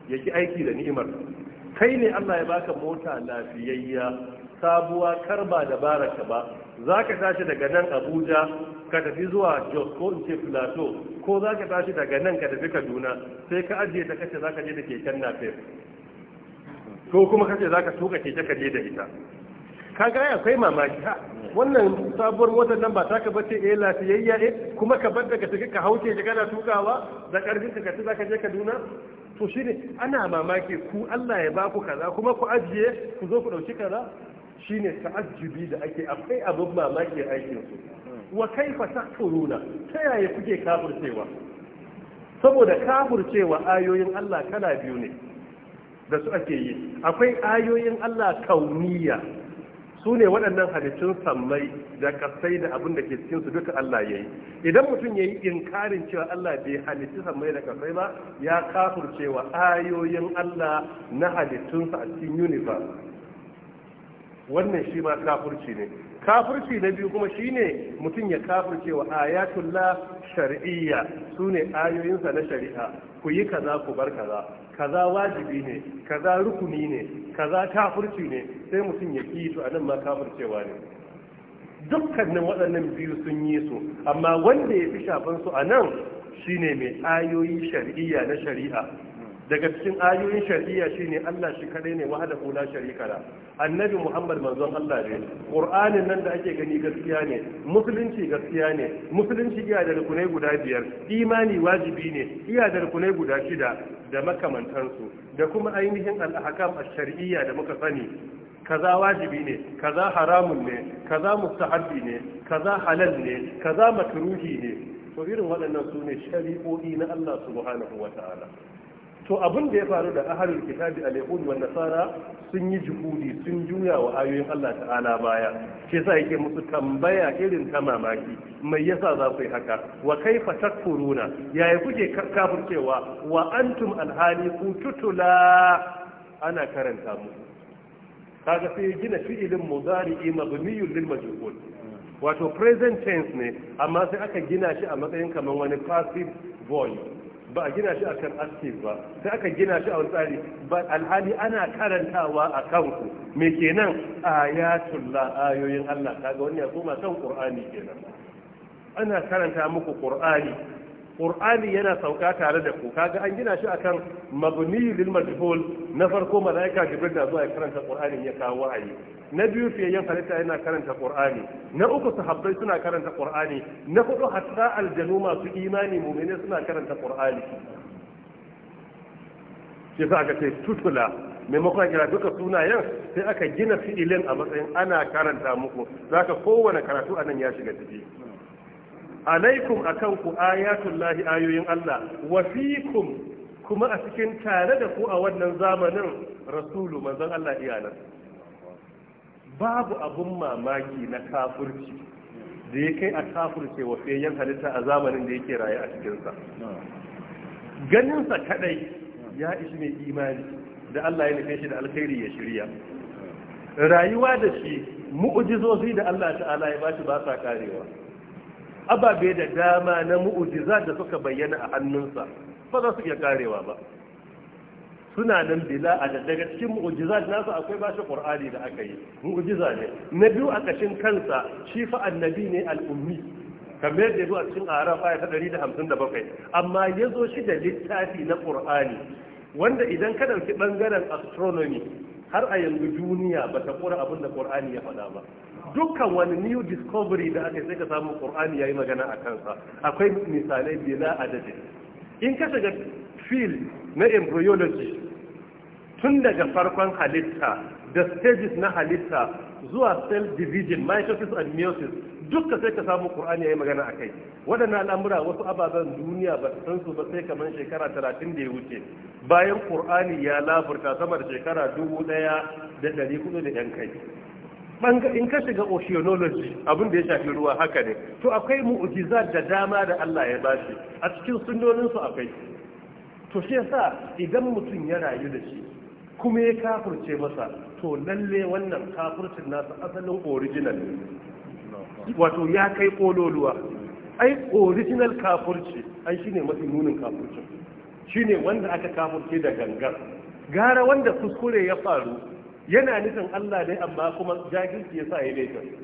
ki aiki da ni'imar kai ne Allah ya baka mota lafiyayya sabuwa karba da baraka ba za ka tashi daga nan abuja ka tafi zuwa jos ko in ce filato ko za ka tashi daga nan ka tafi kaduna sai ka ajiye ta kace za ka je da keken nafe ko kuma kace za ka tuka keke ka je da ita kaga ya akwai mamaki ha wannan sabuwar motar nan ba taka bace eh lafiyayya eh kuma ka bar daga take ka hauke ka kana tukawa da karfin ka kace zaka je Kaduna to shine ana mamaki ku Allah ya ba ku kaza kuma ku ajiye ku zo ku dauki kaza shine ta'ajjubi da ake akwai abin mamaki aikinsu. su wa kaifa takfuruna ta yaya kuke kafircewa saboda kafircewa ayoyin Allah kana biyu ne da su ake yi akwai ayoyin Allah kauniya su ne waɗannan halittun sammai da kasai da abin da ke cikinsu duka Allah ya yi idan mutum ya yi inkarin cewa Allah bai halitti sammai da kasai ba ya cewa ayoyin Allah na halittun halittunsa a cikin universe wannan shi ma kafurci ne kafurci na biyu kuma shi ne mutum ya kafurcewa ayatullah shari'iyya su ne ayoyinsa na shari'a ku yi kaza ku bar kaza kaza wajibi ne kaza rukuni ne kaza kafirci ne sai mutum ya ki to anan ma kafircewa ne dukkanin waɗannan biyu sun yi su amma wanda ya fi shafan su anan shine mai ayoyi shar'iyya na shari'a daga cikin ayoyin shari'a shine Allah shi kadai ne wahada kula sharika da annabi Muhammad manzon Allah ne Qur'anin nan da ake gani gaskiya ne musulunci gaskiya ne musulunci iya da rukunai guda biyar imani wajibi ne iya da rukunai guda shida da makamantansu da kuma ainihin al-ahkam ash-shar'iyya da muka sani kaza wajibi ne kaza haramun ne kaza mustahabbi ne kaza halal ne kaza makruhi ne to irin waɗannan sune shari'o'i na Allah subhanahu wa ta'ala to abin da ya faru da ahalul kitabi al wa nasara sun yi jihudi, sun juya wa ayoyin Allah ta'ala baya shi yasa yake musu tambaya irin ta mamaki mai yasa za ku yi haka wa kaifa takfuruna yaya kuke kafircewa wa antum alhali ku tutula ana karanta mu kaga sai gina fi'ilin mudari mabniyun lil majhul wato present tense ne amma sai aka gina shi a matsayin kamar wani passive voice ba a gina shi a kan aktif ba sai aka gina shi a wani tsari ba alhali ana karantawa a kanku me kenan ayatullah ayoyin Allah kaga wani ya kuma kan qur'ani kenan ana karanta muku qur'ani qur'ani yana sauka tare da ku kaga an gina shi akan mabni lil majhul na farko malaika jibril da zuwa ya karanta qur'ani ya kawo wa'ayi na biyu fiyayyen halitta yana karanta qur'ani na uku sahabbai suna karanta qur'ani na hudu hatta aljanu masu imani mu'mini suna karanta qur'ani shi sa aka ce tutula maimakon kira duka sunayen sai aka gina fi'ilin a matsayin ana karanta muku zaka kowane karatu a nan ya shiga ciki alaikum akan ku ayatul lahi ayoyin Allah wa fikum kuma a cikin tare da ku a wannan zamanin rasulu manzon Allah iyalan babu abun mamaki na kafirci da ya kai a kafirce wa fiyayyen halitta a zamanin da yake raye a cikinsa ganinsa kadai ya ishi mai imani da Allah ya nufe shi da alkhairi ya shirya rayuwa da shi mu'ujizozi da Allah ta'ala ya shi ba sa karewa ababe da dama na mu'ujiza da suka bayyana a hannunsa ba za su iya karewa ba suna nan bila a daga cikin mu'ujiza da nasu akwai ba shi qur'ani da aka yi mu'ujiza ne na biyu a kashin kansa shi fa annabi ne al'ummi kamar yadda zuwa cikin ya aya ta bakwai. amma yazo shi da littafi na qur'ani wanda idan ka dauki bangaren astronomy har a yanzu duniya bata kura abin da qur'ani ya faɗa ba dukkan wani new discovery da aka sai ka samu qur'ani yayi magana a kansa akwai misalai bila adadin in ka shiga field na embryology tun daga farkon halitta da stages na halitta zuwa cell division mitosis and meiosis dukka sai ka samu qur'ani yayi magana akai waɗannan al'amura wasu ababen duniya ba san su ba sai kamar shekara talatin da ya wuce bayan qur'ani ya laburta sama da shekara dubu ɗaya da ɗari hudu da yan kai in ka shiga oceanology abin da ya shafi ruwa haka ne to akwai mu'jizat da dama da Allah ya bashi a cikin sunnoninsu akwai to shi yasa idan mutum ya rayu da shi kuma ya kafurce masa to lalle wannan kafurcin nasa asalin original ne wato ya kai kololuwa ai original kafurci ai shine mafi nunin kafurcin shine wanda aka kafurce da gangar gara wanda kuskure ya faru yana nufin Allah ne amma kuma jahilci yasa ya laifin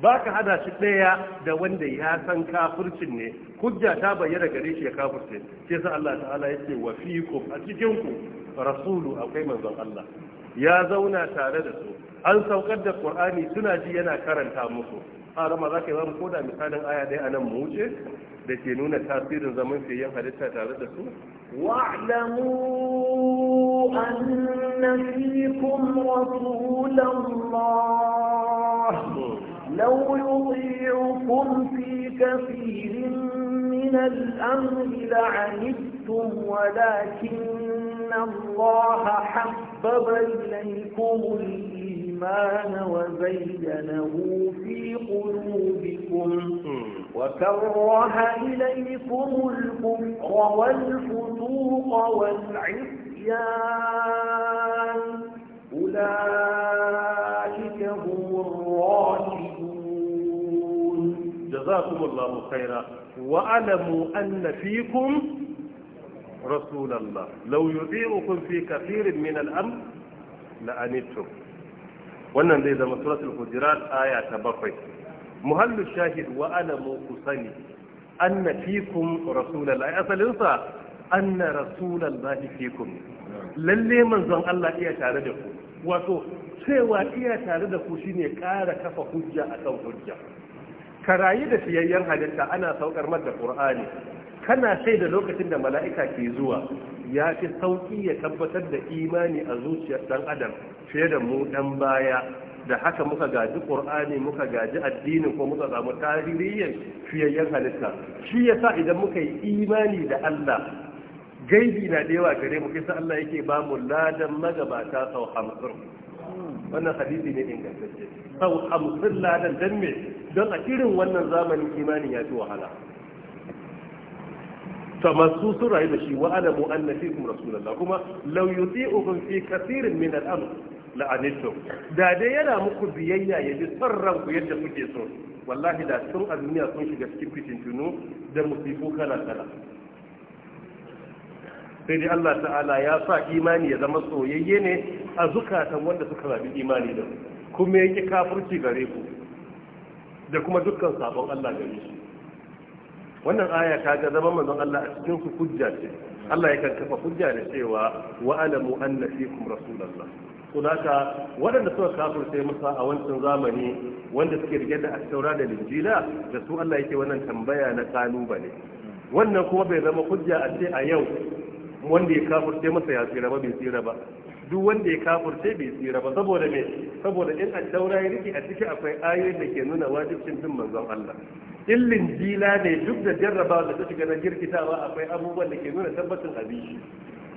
ba ka hada shi ɗaya da wanda ya san kafircin ne hujja ta bayyana gare shi ya kafirce sai sa Allah ta'ala yake wa fikum a cikin ku rasulu akwai manzon Allah ya zauna tare da su an saukar da Qur'ani suna ji yana karanta musu a rama za ka yi ko da misalin aya dai anan mu wuce da ke nuna tasirin zaman yan halitta tare da su wa'lamu أن فيكم رسول الله لو يطيعكم في كثير من الأمر لعنتم ولكن الله حبب إليكم الإيمان وزينه في قلوبكم وكره إليكم الكفر والفسوق والعفر العصيان أولئك هم الراشدون جزاكم الله خيرا وألموا أن فيكم رسول الله لو يطيعكم في كثير من الأمر لأنتم wannan zai zama suratul hujurat aya ta bakwai muhallu shahid wa alamu ku sani anna fikum rasulullahi asalin sa anna rasulallahi fikum lalle manzon Allah iya tare da ku wato cewa iya tare da ku shine ƙara kafa hujja akan hujja karayi da fiyayyen halitta ana saukar mata qur'ani kana sai da lokacin da mala'ika ke zuwa ya fi sauki ya tabbatar da imani a zuciyar dan adam fiye da mu dan baya da haka muka gaji qur'ani muka gaji addini ko muka samu tarihin fiyayyen halitta shi yasa idan muka yi imani da Allah gaibi na da yawa gare mu kisa Allah yake ba mu ladan magabata sau hamsin wannan hadisi ne ingantacce sau hamsin ladan don me don a irin wannan zamanin imanin ya fi wahala famassu sun rayu da shi wa alamu anna fikum rasulullah kuma law uban fi kathirin min al-amr la da dai yana muku biyayya ya ji sarran ku yadda kuke so wallahi da sun azmiya sun shiga cikin fitintunu da musifu kala kala sai dai Allah ta'ala ya sa imani ya zama soyayye ne a zukatan wanda suka zabi imani da kuma yake kafirci gare ku da kuma dukkan sabon Allah gare shi wannan aya ta ga zama manzon Allah a cikin su hujja ce Allah ya kafa hujja da cewa wa alamu anna fikum rasulullah to haka waɗanda suka kafirce musa a wancan zamani wanda suke rike da attaura da linjila da su Allah yake wannan tambaya na kalubale wannan kuma bai zama hujja a ce a yau wanda ya kafurce masa ya tsira ba bai tsira ba duk wanda ya kafurce bai tsira ba saboda me saboda in a daura ya rike a ciki akwai ayoyin da ke nuna wajibcin bin manzon Allah illin jila ne duk da jarrabawa da ta shiga na girkitawa akwai abubuwan da ke nuna tabbacin abin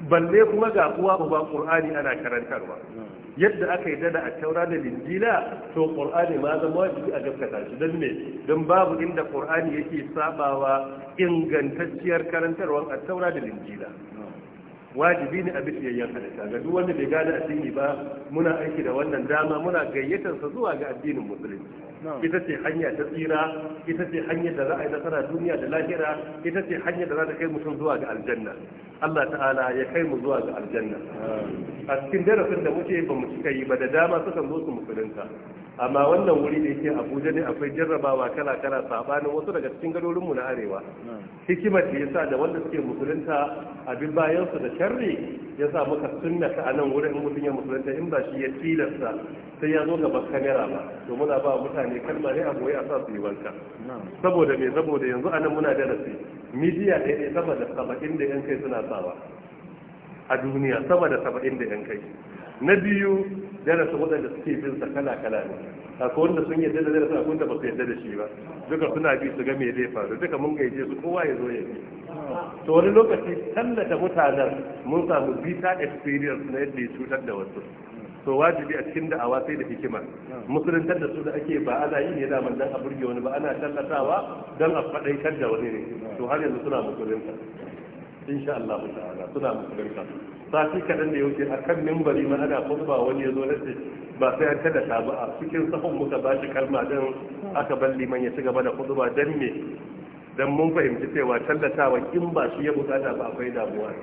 balle kuma ga uwa uba qur'ani ana karantarwa yadda aka yi dada a taura da linjila to qur'ani ma zama wajibi a gaskata shi don me don babu inda qur'ani yake sabawa ingantacciyar karantarwa a taura da linjila wajibi ne a bishiyayyen halitta ga duk wanda bai gane addini ba muna aiki da wannan dama muna gayyatar sa zuwa ga addinin musulunci ita ce hanya ta tsira ita ce hanya da za a yi nasara duniya da lahira ita ce hanya da za ta kai mutum zuwa ga aljanna Allah ta'ala ya kai mu zuwa ga aljanna a cikin darasin da muke ba mu cika yi ba da dama sukan zo su musulunta amma wannan wuri da yake abuja ne akwai jarrabawa kala kala sabanin wasu daga cikin mu na arewa hmm. hikimar da yasa da wanda suke musulunta abin bayan su da sharri yasa muka sunna ta anan wurin in mutum ya musulunta in ba shi ya tilasta sai ya zo gaban kamera ba to muna ba mutane kalma ne a goyi a sa su yi wanka hmm. saboda me saboda yanzu anan muna darasi midiya ɗaya sama da saba'in da yan kai suna sawa a duniya sama da saba'in da yan kai na biyu darasa waɗanda suke bin sa kala kala ne akwai wanda sun yarda da darasin akwai wanda ba su yadda da shi ba duka suna bi su ga me zai faru duka mun gaije su kowa ya zo ya bi to wani lokaci tallata mutanen mun samu bita experience na yadda ya cutar da wasu to wajibi a cikin da'awa sai da hikima musuluntar da su da ake ba ana yi ne man dan a burge wani ba ana tallatawa dan a faɗaitar da wani ne to har yanzu suna musulunta insha Allah ta'ala suna musulunta sati kaɗan da ya wuce a kan mimbari ma ana ba wani ya zo na ce ba sai an kada ta ba a cikin sahun muka ba shi kalma din aka bar liman ya ci gaba da kutuba dan me dan mun fahimci cewa tallatawa in ba shi ya bukata ba akwai damuwa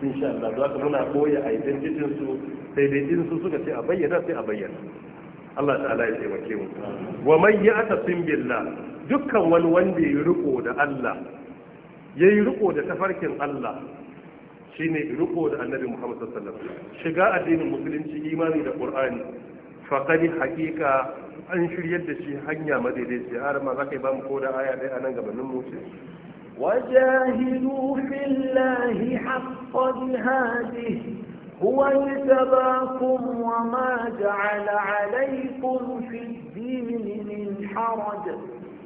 insha Allah za ka muna a identity su sai dai in su suka ce a bayyana sai a bayyana Allah ta'ala ya taimake mu wa man ya'tasim billah dukkan wani wanda ya riko da Allah yayi riko da tafarkin Allah shine riko da annabi Muhammad sallallahu alaihi wasallam shiga addinin musulunci imani da qur'ani fa kadi haqiqa an shiryar da shi hanya madaidaici har ma zaka ba mu koda aya dai anan gabanin mu ce وجاهدوا في الله حق جهاده هو اجتباكم وما جعل عليكم في الدين من حرج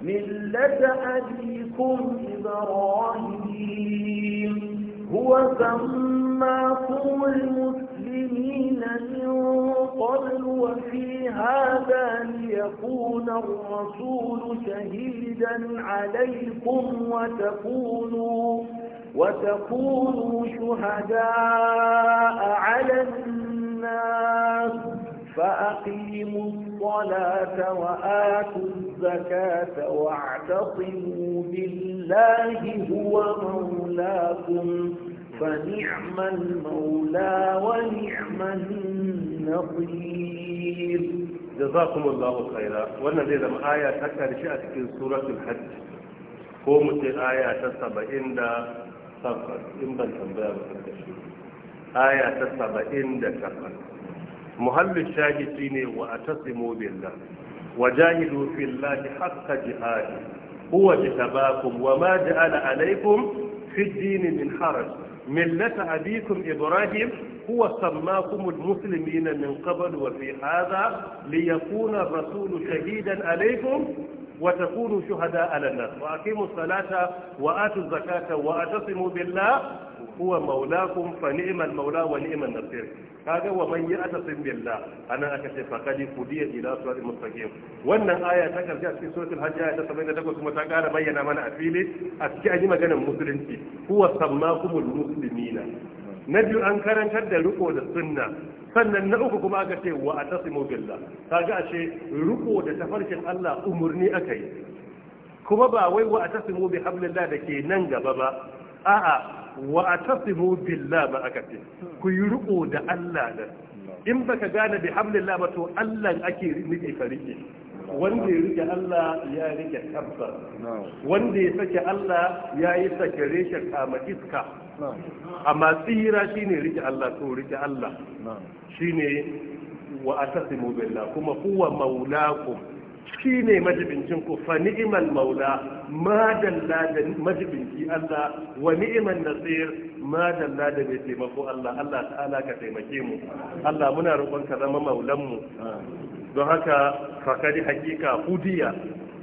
ملة أبيكم إبراهيم هو سماكم المسلمين من قبل وفي هذا ليكون الرسول شهيدا عليكم وتكونوا وتكونوا شهداء على الناس فأقيموا الصلاة وآتوا الزكاة واعتصموا بالله هو مولاكم فنعم المولى ونعم النصير جزاكم الله خيرا وانا دي لما آية تكر شأتك سورة الحج قومت آية تسبعين دا تفر إن بل تنبيع آية تسبعين دا تفر muhallin الشاهدين shine بالله وجاهدوا في الله حق جهاده هو جتباكم وما جعل عليكم في الدين من حرج ملة أبيكم إبراهيم هو سماكم المسلمين من قبل وفي هذا ليكون الرسول شهيدا عليكم وتكونوا شهداء على الناس وأقيموا الصلاة وآتوا الزكاة واعتصموا بالله هو مولاكم فنعم المولى ونعم النصير kaga wa man ya'tasim billah anan aka ce faqad qudiya ila siratil mustaqim wannan aya ta karshe a cikin suratul hajj aya ta 78 kuma ta kara bayyana mana a fili a cikin ayi maganar musulunci huwa sammakumul muslimina na biyu an karantar da riko da sunna sannan na uku kuma aka ce wa atasimu billah kaga ashe riko da tafarkin Allah umurni aka yi kuma ba wai wa atasimu bi hablillah da ke nan gaba ba a'a wa a atasimu billah ba aka ce ku yi riko da Allah da in baka gane bi hamlillah ba to Allah ake rike ka rike wanda ya rike Allah ya rike tabba wanda ya sake Allah ya yi sake reshe kama iska amma tsira shine rike Allah to rike Allah shine wa a atasimu billah kuma huwa maulakum shi ne majibincin ku fa ni'imal maula ma dalla da majibinci Allah wa ni'mal nasir ma dalla da mai taimako Allah Allah ta'ala ka taimake mu Allah muna roƙon ka zama maulan mu don haka fakari hakika hudiya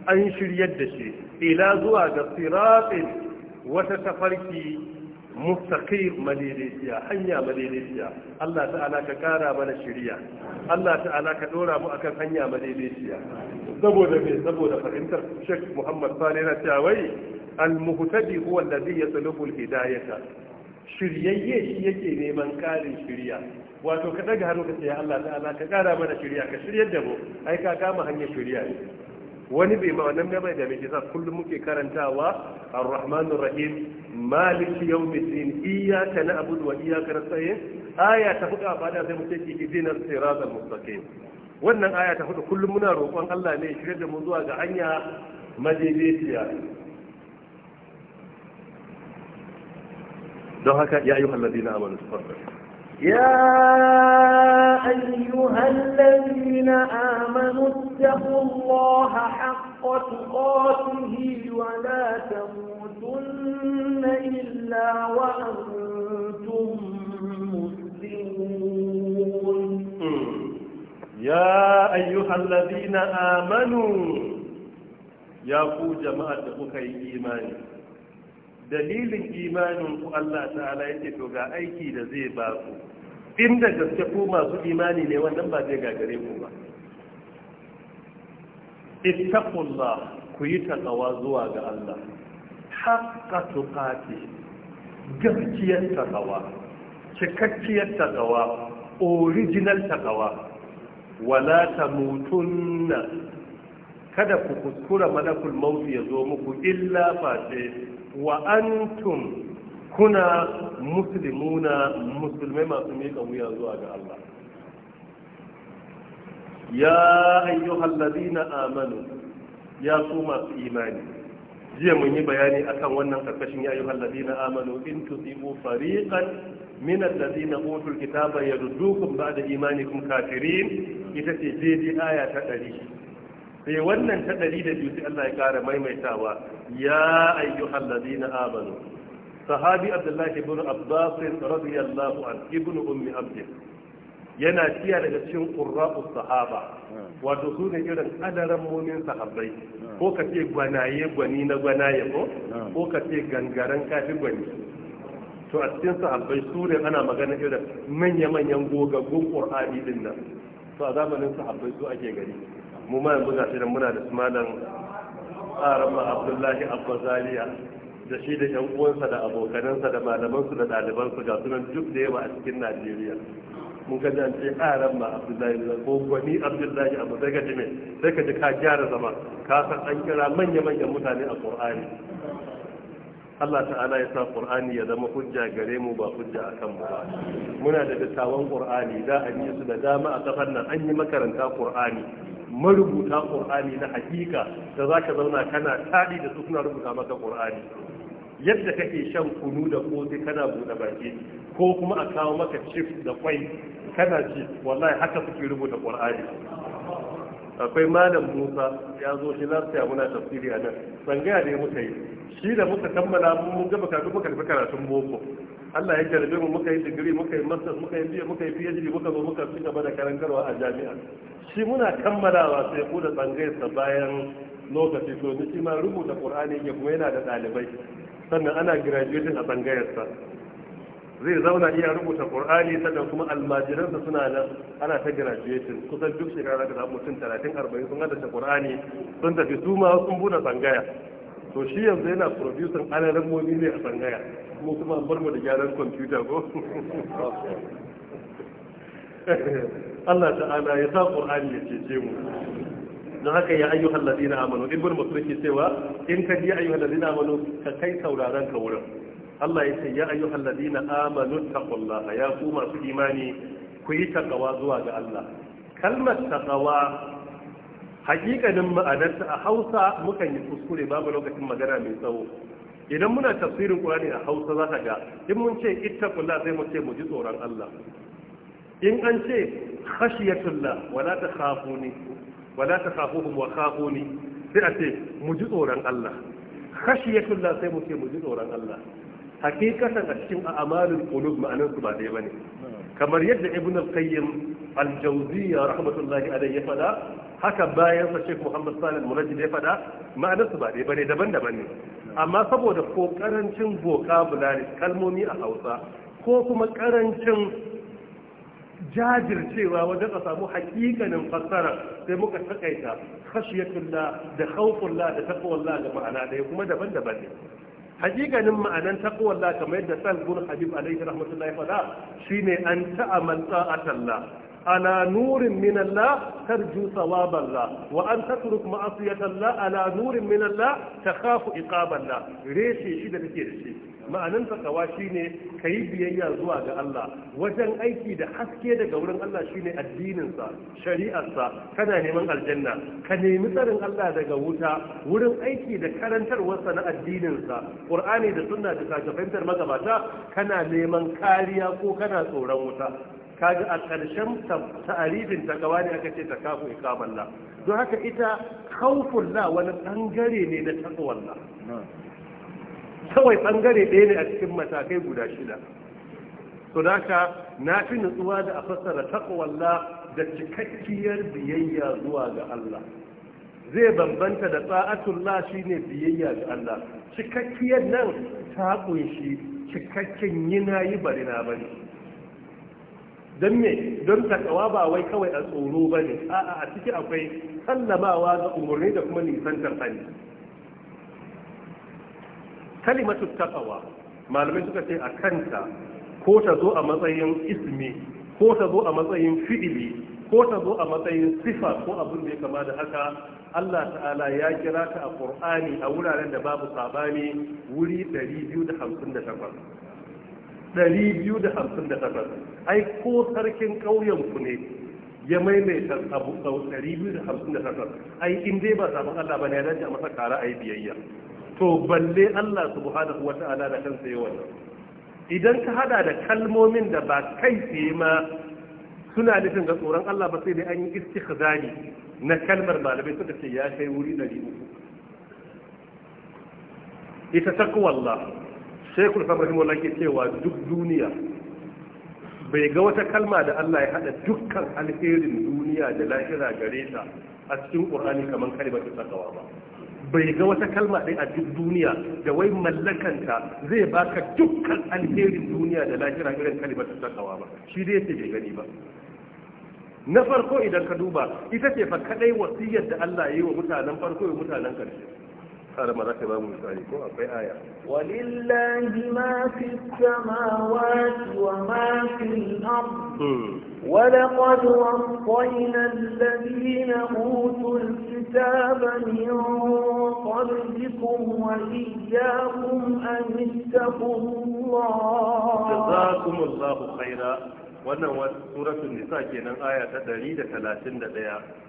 an shiryar da shi ila zuwa ga siratin wata tafarki mustaqim madaidaiciya hanya madaidaiciya Allah ta'ala ka kara mana shiriya Allah ta'ala ka dora mu akan hanya madaidaiciya saboda me saboda fahimtar Sheikh Muhammad Sani na cewa wai al-muhtadi huwa alladhi yatlubu al-hidayata shiryayye shi yake neman karin shiriya wato ka daga hannu ka ce Allah ta'ala ka kara mana shiriya ka shiryar da mu ai ka kama hanyar shiriya wani bai ma wannan bai da mai sa kullum muke karantawa ar-rahmanur rahim maliki yawmiddin iyyaka na'budu wa iyyaka nasta'in aya ta hudu bada sai muke ki idinas siratal mustaqim wannan aya ta hudu kullum muna roƙon Allah ne shirye da mu zuwa ga hanya madaidaiciya don haka ya ayyuhal ladina amanu tafaddalu يا أيها الذين آمنوا اتقوا الله حق تقاته ولا تموتن إلا وأنتم مسلمون يا أيها الذين آمنوا يا قو جماعة أخي إيماني dalilin imanin ku Allah ta'ala yake to ga aiki da zai ba ku inda gaske ku masu imani ne wannan ba zai gagare ku ba ittaqullah ku yi takawa zuwa ga Allah haqqa tuqati gaskiyar takawa cikakkiyar takawa original takawa wala tamutunna kada ku kuskura malakul mauti ya zo muku illa fa wa antum kuna muslimuna musulmai masu miƙa wuya zuwa ga Allah ya ayyuhal ladina amanu ya su masu imani jiya mun yi bayani akan wannan karkashin ya ayyuhal ladina amanu in tusibu fariqan min alladhina utul kitaba da ba'da imanikum kafirin ita ce daidai aya ta ɗari. sai wannan ta ɗari da biyu sai Allah ya ƙara maimaitawa ya ayyuhal na amanu sahabi abdullahi ibn abbas radiyallahu an ibn ummi abd yana tiya daga cikin qurra'us sahaba wato su ne irin adaran mumin sahabbai ko ka ce gwanaye gwani na gwanaye ko ko ka ce gangaren kafi gwani to a cikin sahabbai su ne ana magana irin manya-manyan gogaggun qur'ani din nan to a zamanin sahabbai su ake gari. mu ma yanzu ga shirin muna da tsarin arama abdullahi abbazaliya da shi da yan uwansa da abokanansa da malamansu da ɗalibansu ga sunan duk da yawa a cikin najeriya mun ga an ce arama abdullahi ko gwani abdullahi abu sai ka ji me sai ka ji ka gyara zama ka san an kira manya-manyan mutane a qur'ani Allah ta'ala ya sa Qur'ani ya zama hujja gare mu ba hujja akan mu ba muna da dattawan Qur'ani za a yi su da dama a kafan nan an yi makaranta Qur'ani marubuta ƙur'ani na hakika da za zaka zauna kana taɗi da su suna rubuta maka ƙur'ani. yadda kake shan kunu da kofi kana buɗe baki ko kuma a kawo maka cif da kwai kana ci wallahi haka suke rubuta ƙur'ani. akwai malam musa ya zo shi last ya muna tafsiri a nan sangaya ne muka yi shi da muka kammala mun gaba kafin muka tafi karatun boko Allah ya karbe mu muka yi digiri muka yi masters muka yi biya muka yi PhD muka zo muka ci gaba da karantarwa a jami'a shi muna kammalawa sai ku da tsangayarsa bayan lokaci to ni shi ma rubuta Qur'ani ya kuma yana da ɗalibai sannan ana graduating a tsangayarsa zai zauna iya rubuta Qur'ani sannan kuma almajiransa suna nan ana ta graduating kusan duk shekara da mutum 30 40 sun hada Qur'ani sun tafi su ma sun buna tsangaya to shi yanzu yana producing alarammomi ne a sangaya mu kuma an bar mu da gyaran kwamfuta ko Allah ta'ala ya sa Qur'ani ya cece mu don haka ya ayyuha alladina amanu ibn masud ke cewa in ka ji ayyuha alladina amanu ka kai sauraron ka wurin Allah ya ce ya ayyuha alladina amanu taqullaha ya ku masu imani ku yi takawa zuwa ga Allah kalmar takawa hakikanin ma'anarsa a hausa mukan yi kuskure babu lokacin magana mai tsawo idan muna tafsirin qur'ani a hausa za ka ga in mun ce ittaqullah sai mu ce mu ji tsoron Allah in an ce khashiyatullah wala takhafuni wala takhafuhum wa khafuni sai a ce mu ji tsoron Allah khashiyatullah sai mu ce mu ji tsoron Allah hakikatan a cikin a'malul qulub ma'anar ba dai bane kamar yadda ibn al-qayyim al-jawziyya rahmatullahi alayhi ya fada haka bayan sa Sheikh Muhammad Salih Murajjid ya fada ma'anar su ba dai bane daban-daban ne amma saboda ko karancin vocabulary kalmomi a Hausa ko kuma karancin jajircewa wajen a samu hakikanin fassara sai muka takaita khashiyatullah da khawfullah da taqwallah da ma'ana daya kuma daban-daban ne hakikanin ma'anan takwalla kamar yadda san gun habib alaihi rahmatullahi fada shine an a talla. على نور من الله ترجو ثواب الله وأن تترك معصية Minalla على نور من الله تخاف عقاب الله ريشي شي da take da shi ma'anan takawa shine biyayya zuwa ga Allah wajen aiki da haske daga wurin Allah shine addinin sa shari'ar kana neman aljanna ka nemi tsarin Allah daga wuta wurin aiki da karantarwarsa na addininsa, ƙur'ani da sunna da ka magabata kana neman kariya ko kana tsoron wuta kaga a ƙarshen ta'arifin gawa ne aka ce takafu iqamallah don haka ita la wani bangare ne na taqwallah kawai ɓangare ɗaya ne a cikin matakai guda shida to haka na fi nutsuwa da a fassara taqwallah da cikakkiyar biyayya zuwa ga Allah zai bambanta da la shi ne biyayya ga Allah cikakkiyar nan ta ƙunshi cikakken yina yi bari na bari don me don takawa ba wai kawai a tsoro ba ne a'a a ciki akwai sallamawa ga umarni da kuma nisan sani kalimatu takawa malamai suka ce a kanta ko ta zo a matsayin ismi ko ta zo a matsayin fi'ili ko ta zo a matsayin sifa ko abin da ya kama da haka Allah ta'ala ya kira ta a Qur'ani a wuraren da babu sabani wuri 258 258 ai ko sarkin ƙauyenku ne ya maimaita abu sau 258 ai in dai ba sabon Allah bane ya dace a masa kara ai biyayya to balle Allah subhanahu wata'ala da kansa ya wannan idan ka hada da kalmomin da ba kai tsaye ma suna nufin ga tsoron Allah ba sai dai an yi khazani na kalmar malamai suka ce ya kai wuri 300 ita takwallah shekul sabon rahimola ke cewa duk duniya bai ga wata kalma da Allah ya hada dukkan alherin duniya da lahira gare ta a cikin ƙur'ani kamar kalmar ta tsakawa ba bai ga wata kalma ɗaya a duk duniya da wai mallakanta zai baka dukkan alherin duniya da lahira irin kalmar ta sakawa ba shi dai yake bai gani ba na farko idan ka duba ita ce fa kadai wasiyar da Allah ya yi wa mutanen farko ya mutanen karshe ولله ما في السماوات وما في الأرض ولقد وصينا الذين أوتوا الكتاب من قبلكم وإياكم أن اتقوا الله جزاكم الله خيرا wannan suratun nisa kenan aya ta 131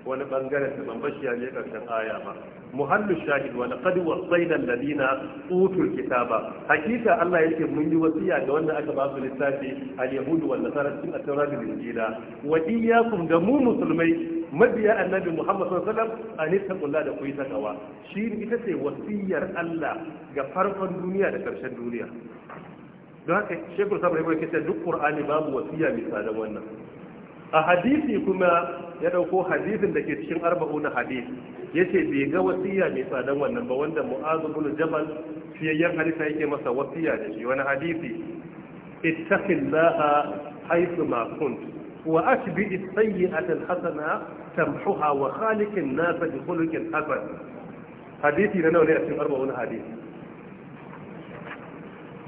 wani bangaren ta bambashi ya je karshen aya ba muhallu shahid wa laqad wasayna alladina utul kitaba hakika Allah yake mun yi wasiya ga wanda aka ba su littafi al-yahudu wa nasara cikin at da injila wa iyyakum da mu musulmai mabiya annabi Muhammad sallallahu alaihi wasallam an taqulla da kuyi takawa shi ita ce wasiyar Allah ga farkon duniya da karshen duniya don haka shekul sabar ya kace duk qur'ani babu wasiya misalan wannan a hadisi kuma ya dauko hadisin da ke cikin arba'una hadis yace bai ga wasiya mai tsadan wannan ba wanda mu'azu bin jabal fiyayyen hadisa yake masa wasiya da shi wani hadisi ittaqillaha haythu ma kunt wa ashbi as-sayyi'ata al-hasana tamhuha wa khaliqin nas bi khuluqin hasan hadisi na nawa ne a cikin arba'una hadisi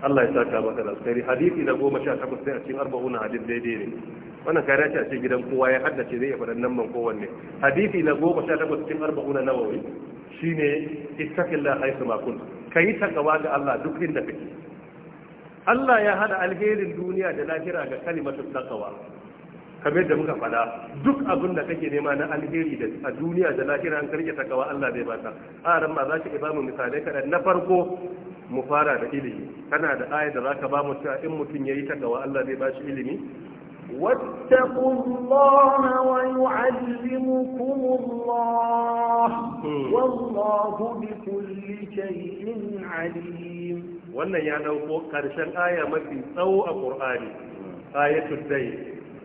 Allah ya saka maka da alkhairi hadisi na goma sha takwas sai a cikin arba'una hadis daidai ne wannan kariya ce a cikin gidan kowa ya haddace zai iya faɗan nan man kowanne hadisi na goma sha takwas cikin arba'una nawawi shine ittaqillah haythu ma kunt kai takawa ga Allah duk inda kake Allah ya hada alherin duniya da lahira ga kalimatul Ka kamar da muka faɗa duk abin da kake nema na alheri da a duniya da lahira an karke takawa Allah zai baka a ran ma za ka ba mu misalai kaɗan na farko mu fara da ilimi kana da aya da zaka ba mu ta in mutum yayi ta gawa Allah zai ba shi ilimi واتقوا الله ويعلمكم الله والله بكل شيء عليم wannan ya dauko karshen aya mafi tsawo a Qur'ani ayatul day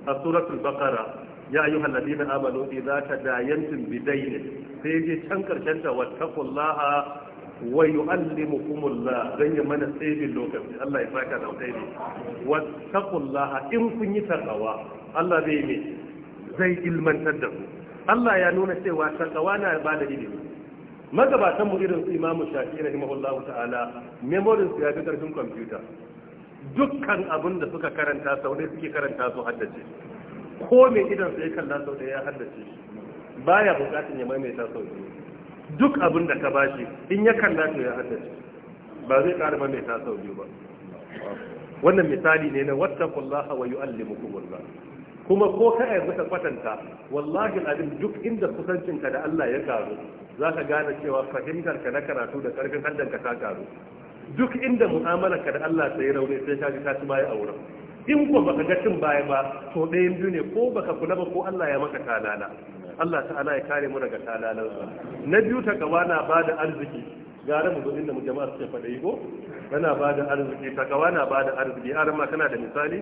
a suratul baqara ya ayyuhal ladina amanu idza tadayantum bidayn sai je can karshen ta wattaqullaha wa yu'allimukumullah dan ya mana tsibin lokaci Allah ya saka da tsayi wattaqullaha in kun yi takawa Allah zai ne zai ilmantar da ku Allah ya nuna cewa takawa na ba da ilimi magabatan mu irin su Imam Shafi'i rahimahullahu ta'ala memorin su ya fi karfin kwamfuta dukkan abin da suka karanta sau ne suke karanta su haddace ko mai idan su kalla sau ya haddace baya bukatun ya maimaita sau biyu duk abin da ka bashi in ya kalla to ya haddace ba zai ƙara mai ta sau biyu ba wannan misali ne na wattaqullaha wa yu'allimukumullah kuma ko ka yi maka kwatanta wallahi abin duk inda kusancinka da Allah ya karu zaka gane cewa fahimtar ka na karatu da karfin haddanka ta karu duk inda mu'amala ka da Allah sai rauni sai ka ji ka ci baya a in ko baka ga cin baya ba to ɗayan biyu ne ko baka kula ba ko Allah ya maka talala Allah ta'ala ya kare mu daga sa na biyu ta gaba na bada arziki gara mu zo inda mu jama'a suke fada yi ko tana bada arziki ta gaba na bada arziki ma kana da misali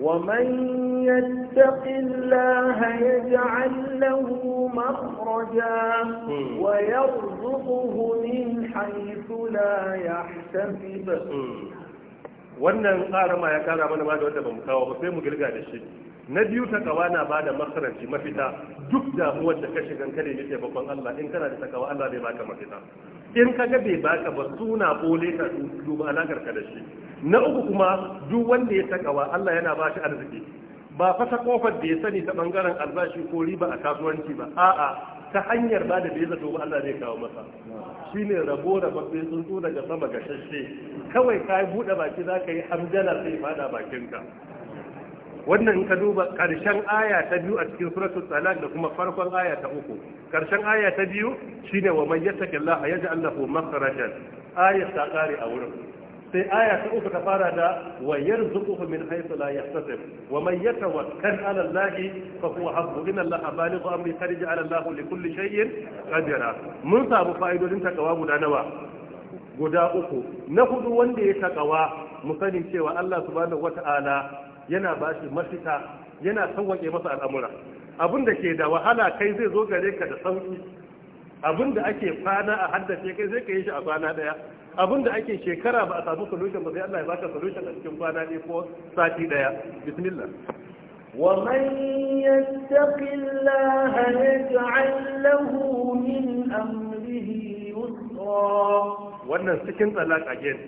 Wa ومن يتق yaj'al lahu makhraja hmm. wa yarzuquhu min haythu la yahtasib hmm. wannan karama ya ƙara mana ma da wanda ba mu kawo ba sai mu girga da shi na biyu takawa na ba da masaranci mafita duk damuwar da ka shiga kare ne taimakon Allah in kana da takawa Allah bai baka mafita in ka ga bai baka ba suna bole ka duba alakar ka da shi na uku kuma duk wanda ya takawa Allah yana ba shi arziki ba fata kofar da ya sani ta bangaren albashi ko riba a kasuwanci ba a'a ta hanyar ba da bai zato Allah zai kawo masa shine rabo da babbe tsuntsu daga sama ga shashe kawai ka buɗe baki za ka yi hamdala sai fada bakinka wannan in ka duba ƙarshen aya ta biyu a cikin suratul talaq da kuma farkon aya ta uku ƙarshen aya ta biyu shine wa man yattaqillaha yaj'al lahu makhrajan aya ta kare a wurin sai aya ta uku ta fara da wa yarzuquhu min haythu la yahtasib wa man yatawakkal 'ala allahi fa huwa hasbuhu inna allaha balighu amri qad ja'ala allahu li kulli shay'in qadira mun samu fa'idodin takawa guda nawa guda uku na hudu wanda ya takawa mu sani cewa Allah subhanahu wata'ala yana ba shi mafita yana sauwaƙe masa al'amura abin da ke da wahala kai zai zo gare ka da sauƙi abin da ake kwana a haddace kai zai ka yi shi a kwana ɗaya abin da ake shekara ba a samu solution ba sai Allah ya baka solution a cikin kwana ɗaya ko sati ɗaya bismillah ومن يتق الله يجعل له من أمره يسرا wannan cikin talaka again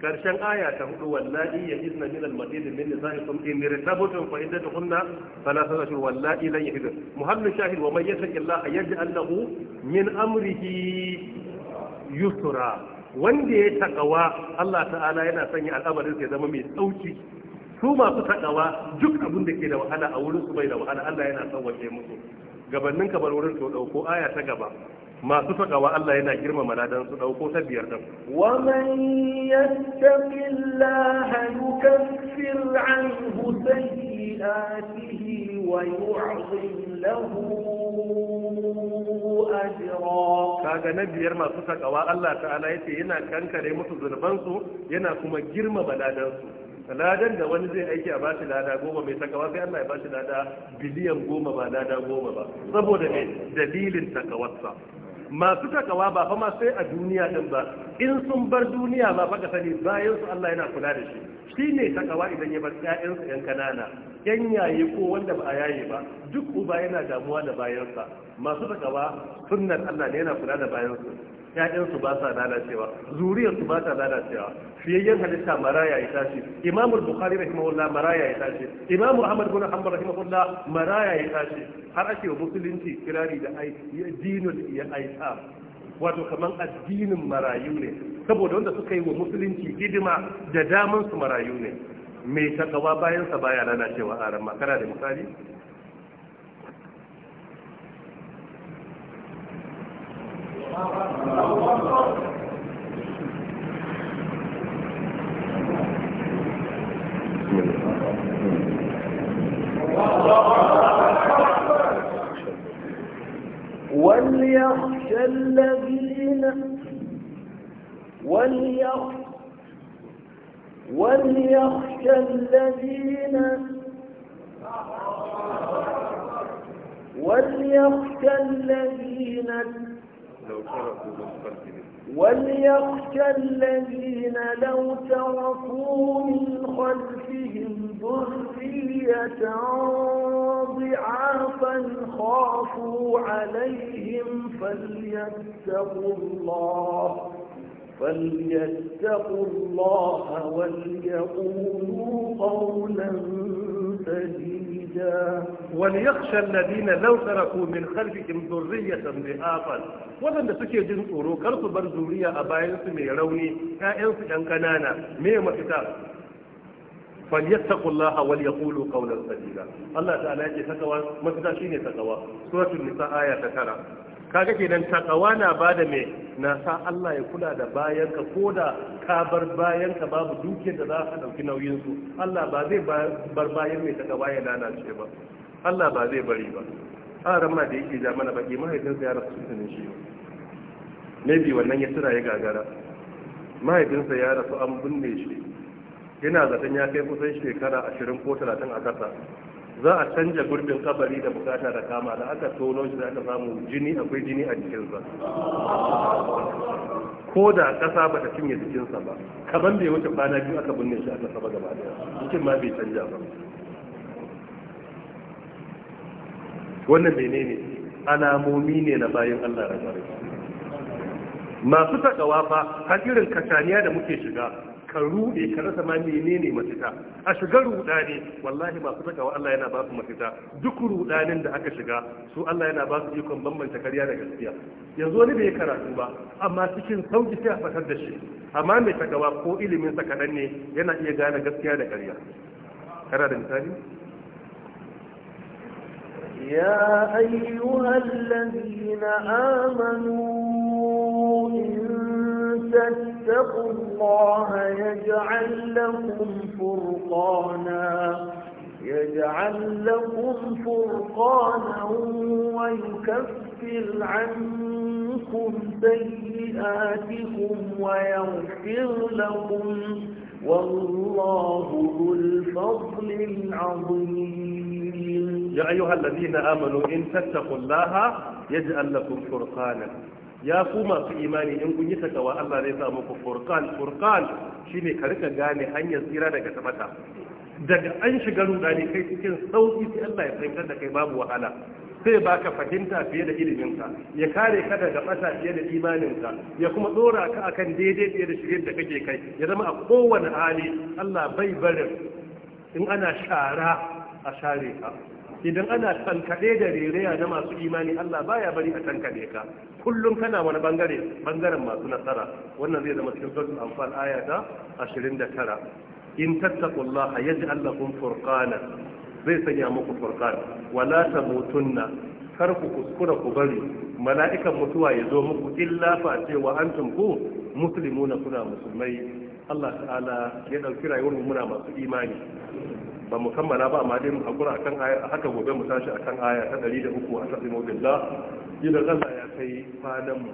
karshen aya ta hudu wallahi ya izna min al-madid min nisaikum in irtabtum fa iddatuhunna thalathatu ashhur wallahi lan yahid muhammad shahid wa man yattaqillaha yaj'al lahu min amrihi yusra wanda ya takawa Allah ta'ala yana sanya al'amarin ya zama mai sauki su masu takawa duk abin da ke da wahala a wurin su bai da wahala Allah yana sauwake musu gabanin ka wurin to dauko aya ta gaba masu takawa Allah yana girmama ladan su dauko ta biyar dan wa man yattaqillaha yukaffir anhu sayyi'atihi wa yu'zim lahu ajra kaga na biyar masu takawa Allah ta'ala yace yana kankare musu zunubansu yana kuma girmama ladan ladan da wani zai aiki a bashi lada goma mai takawa sai Allah ya bashi lada biliyan goma ba lada goma ba saboda ne dalilin takawarsa masu takawa ba fama sai a duniya din ba in sun bar duniya ba baka sani bayan su Allah yana kula da shi Shi ne takawa idan ya bar ƴaƴan su yan kanana yan yaye ko wanda ba a yaye ba duk uba yana damuwa da bayansa masu takawa sunnar Allah ne yana kula da bayansu ƴaƴansu ba sa lalacewa zuriyarsu ba ta lalacewa fiyayyen halitta maraya ya tashi imam bukhari rahimahullah maraya ya tashi imam ahmad bin hanbal rahimahullah maraya ya tashi har ake wa musulunci kirari da ai dinul ya aita wato kaman addinin marayu ne saboda wanda suka yi wa musulunci hidima da damansu marayu ne mai takawa bayansa baya lalacewa a ran makara da misali وليخشى الذين وليخ وليخشى الذين وليخشى الذين وليخشى الذين لو تركوا من خلفهم ذرية ضعافا خافوا عليهم فليتقوا الله فليتقوا الله وليقولوا قولا سديدا وليخشى الذين لو تركوا من خلفهم ذرية ضعافا waɗanda suke jin tsoro kar su bar zuriya a bayansu mai rauni ƴaƴansu ɗan ƙanana me mafita فليتقوا الله وليقولوا قولا سديدا الله تعالى يجي تقوى متى شيء تقوى سورة النساء آية تكرى kaga kenan takawa na bada me na sa Allah ya kula da bayanka ko da ka bar bayanka babu dukiyar da za ka dauki nauyin su Allah ba zai bar bayan mai takawa ya lalace ba Allah ba zai bari ba a ma da yake ja mana baki mahaifinsa ya rasu tunin shi bi wannan ya tsira ya gagara mahaifinsa ya rasu an binne shi yana zaton ya kai kusan shekara ashirin ko 30 a kasa za a canja gurbin kabari da bukata da kama da aka tono shi da aka samu jini akwai jini a jikinsa ko da kasa ba ta cinye jikinsa ba kaman bai wuce kwana biyu aka binne shi aka saba gaba daya jikin ma bai canja ba wannan ne alamomi ne na bayan Allah da masu takawa fa har irin kashaniya da muke shiga ka rude ka rasa ma menene mafita a shiga ne, wallahi masu takawa Allah yana ba su mafita duk ruɗanin da aka shiga su Allah yana ba su ikon bambanta karya da gaskiya yanzu wani bai karatu ba amma cikin sauki sai a fakar da shi amma mai takawa ko ilimin sa kadan ne yana iya gane gaskiya da karya kana da misali يا أيها الذين آمنوا إن اتقوا الله يجعل لكم فرقانا يجعل لكم فرقانا ويكفر عنكم سيئاتكم ويغفر لكم والله ذو الفضل العظيم يا أيها الذين آمنوا إن تتقوا الله يجعل لكم فرقانا ya ku masu imani in kun yi takawa Allah zai sa muku furqan furqan shine ka rika gane hanyar tsira daga tabata daga an shiga rudani kai cikin sauki sai Allah ya fahimtar da kai babu wahala sai baka fahimta fiye da iliminka ya kare ka daga fata fiye da imaninka ya kuma dora ka akan daidai fiye da shirin da kake kai ya zama a kowane hali Allah bai barin in ana shara a share ka idan ana tankade da rereya na masu imani Allah baya bari a tankade ka kullum kana wani bangare bangaren masu nasara wannan zai zama cikin suratul anfal aya ta 29 in a yaj'al lakum furqana zai sanya muku furqan wala mutunna, kar ku kuskura ku bari mala'ikan mutuwa ya zo muku illa fa cewa antum ku muslimuna kuna musulmai Allah ta'ala ya ɗauki rayuwar muna masu imani ba mu kammala ba amma dai mu hakura akan aya haka gobe mu tashi akan aya ta 103 a tasimu billah idan Allah ya kai fadan mu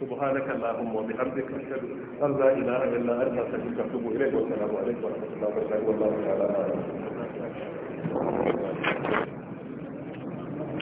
subhanaka allahumma wa bihamdika ashhadu an la ilaha illa anta astaghfiruka wa atubu ilayk wa assalamu alaykum wa rahmatullahi wa barakatuh wallahu ta'ala a'lam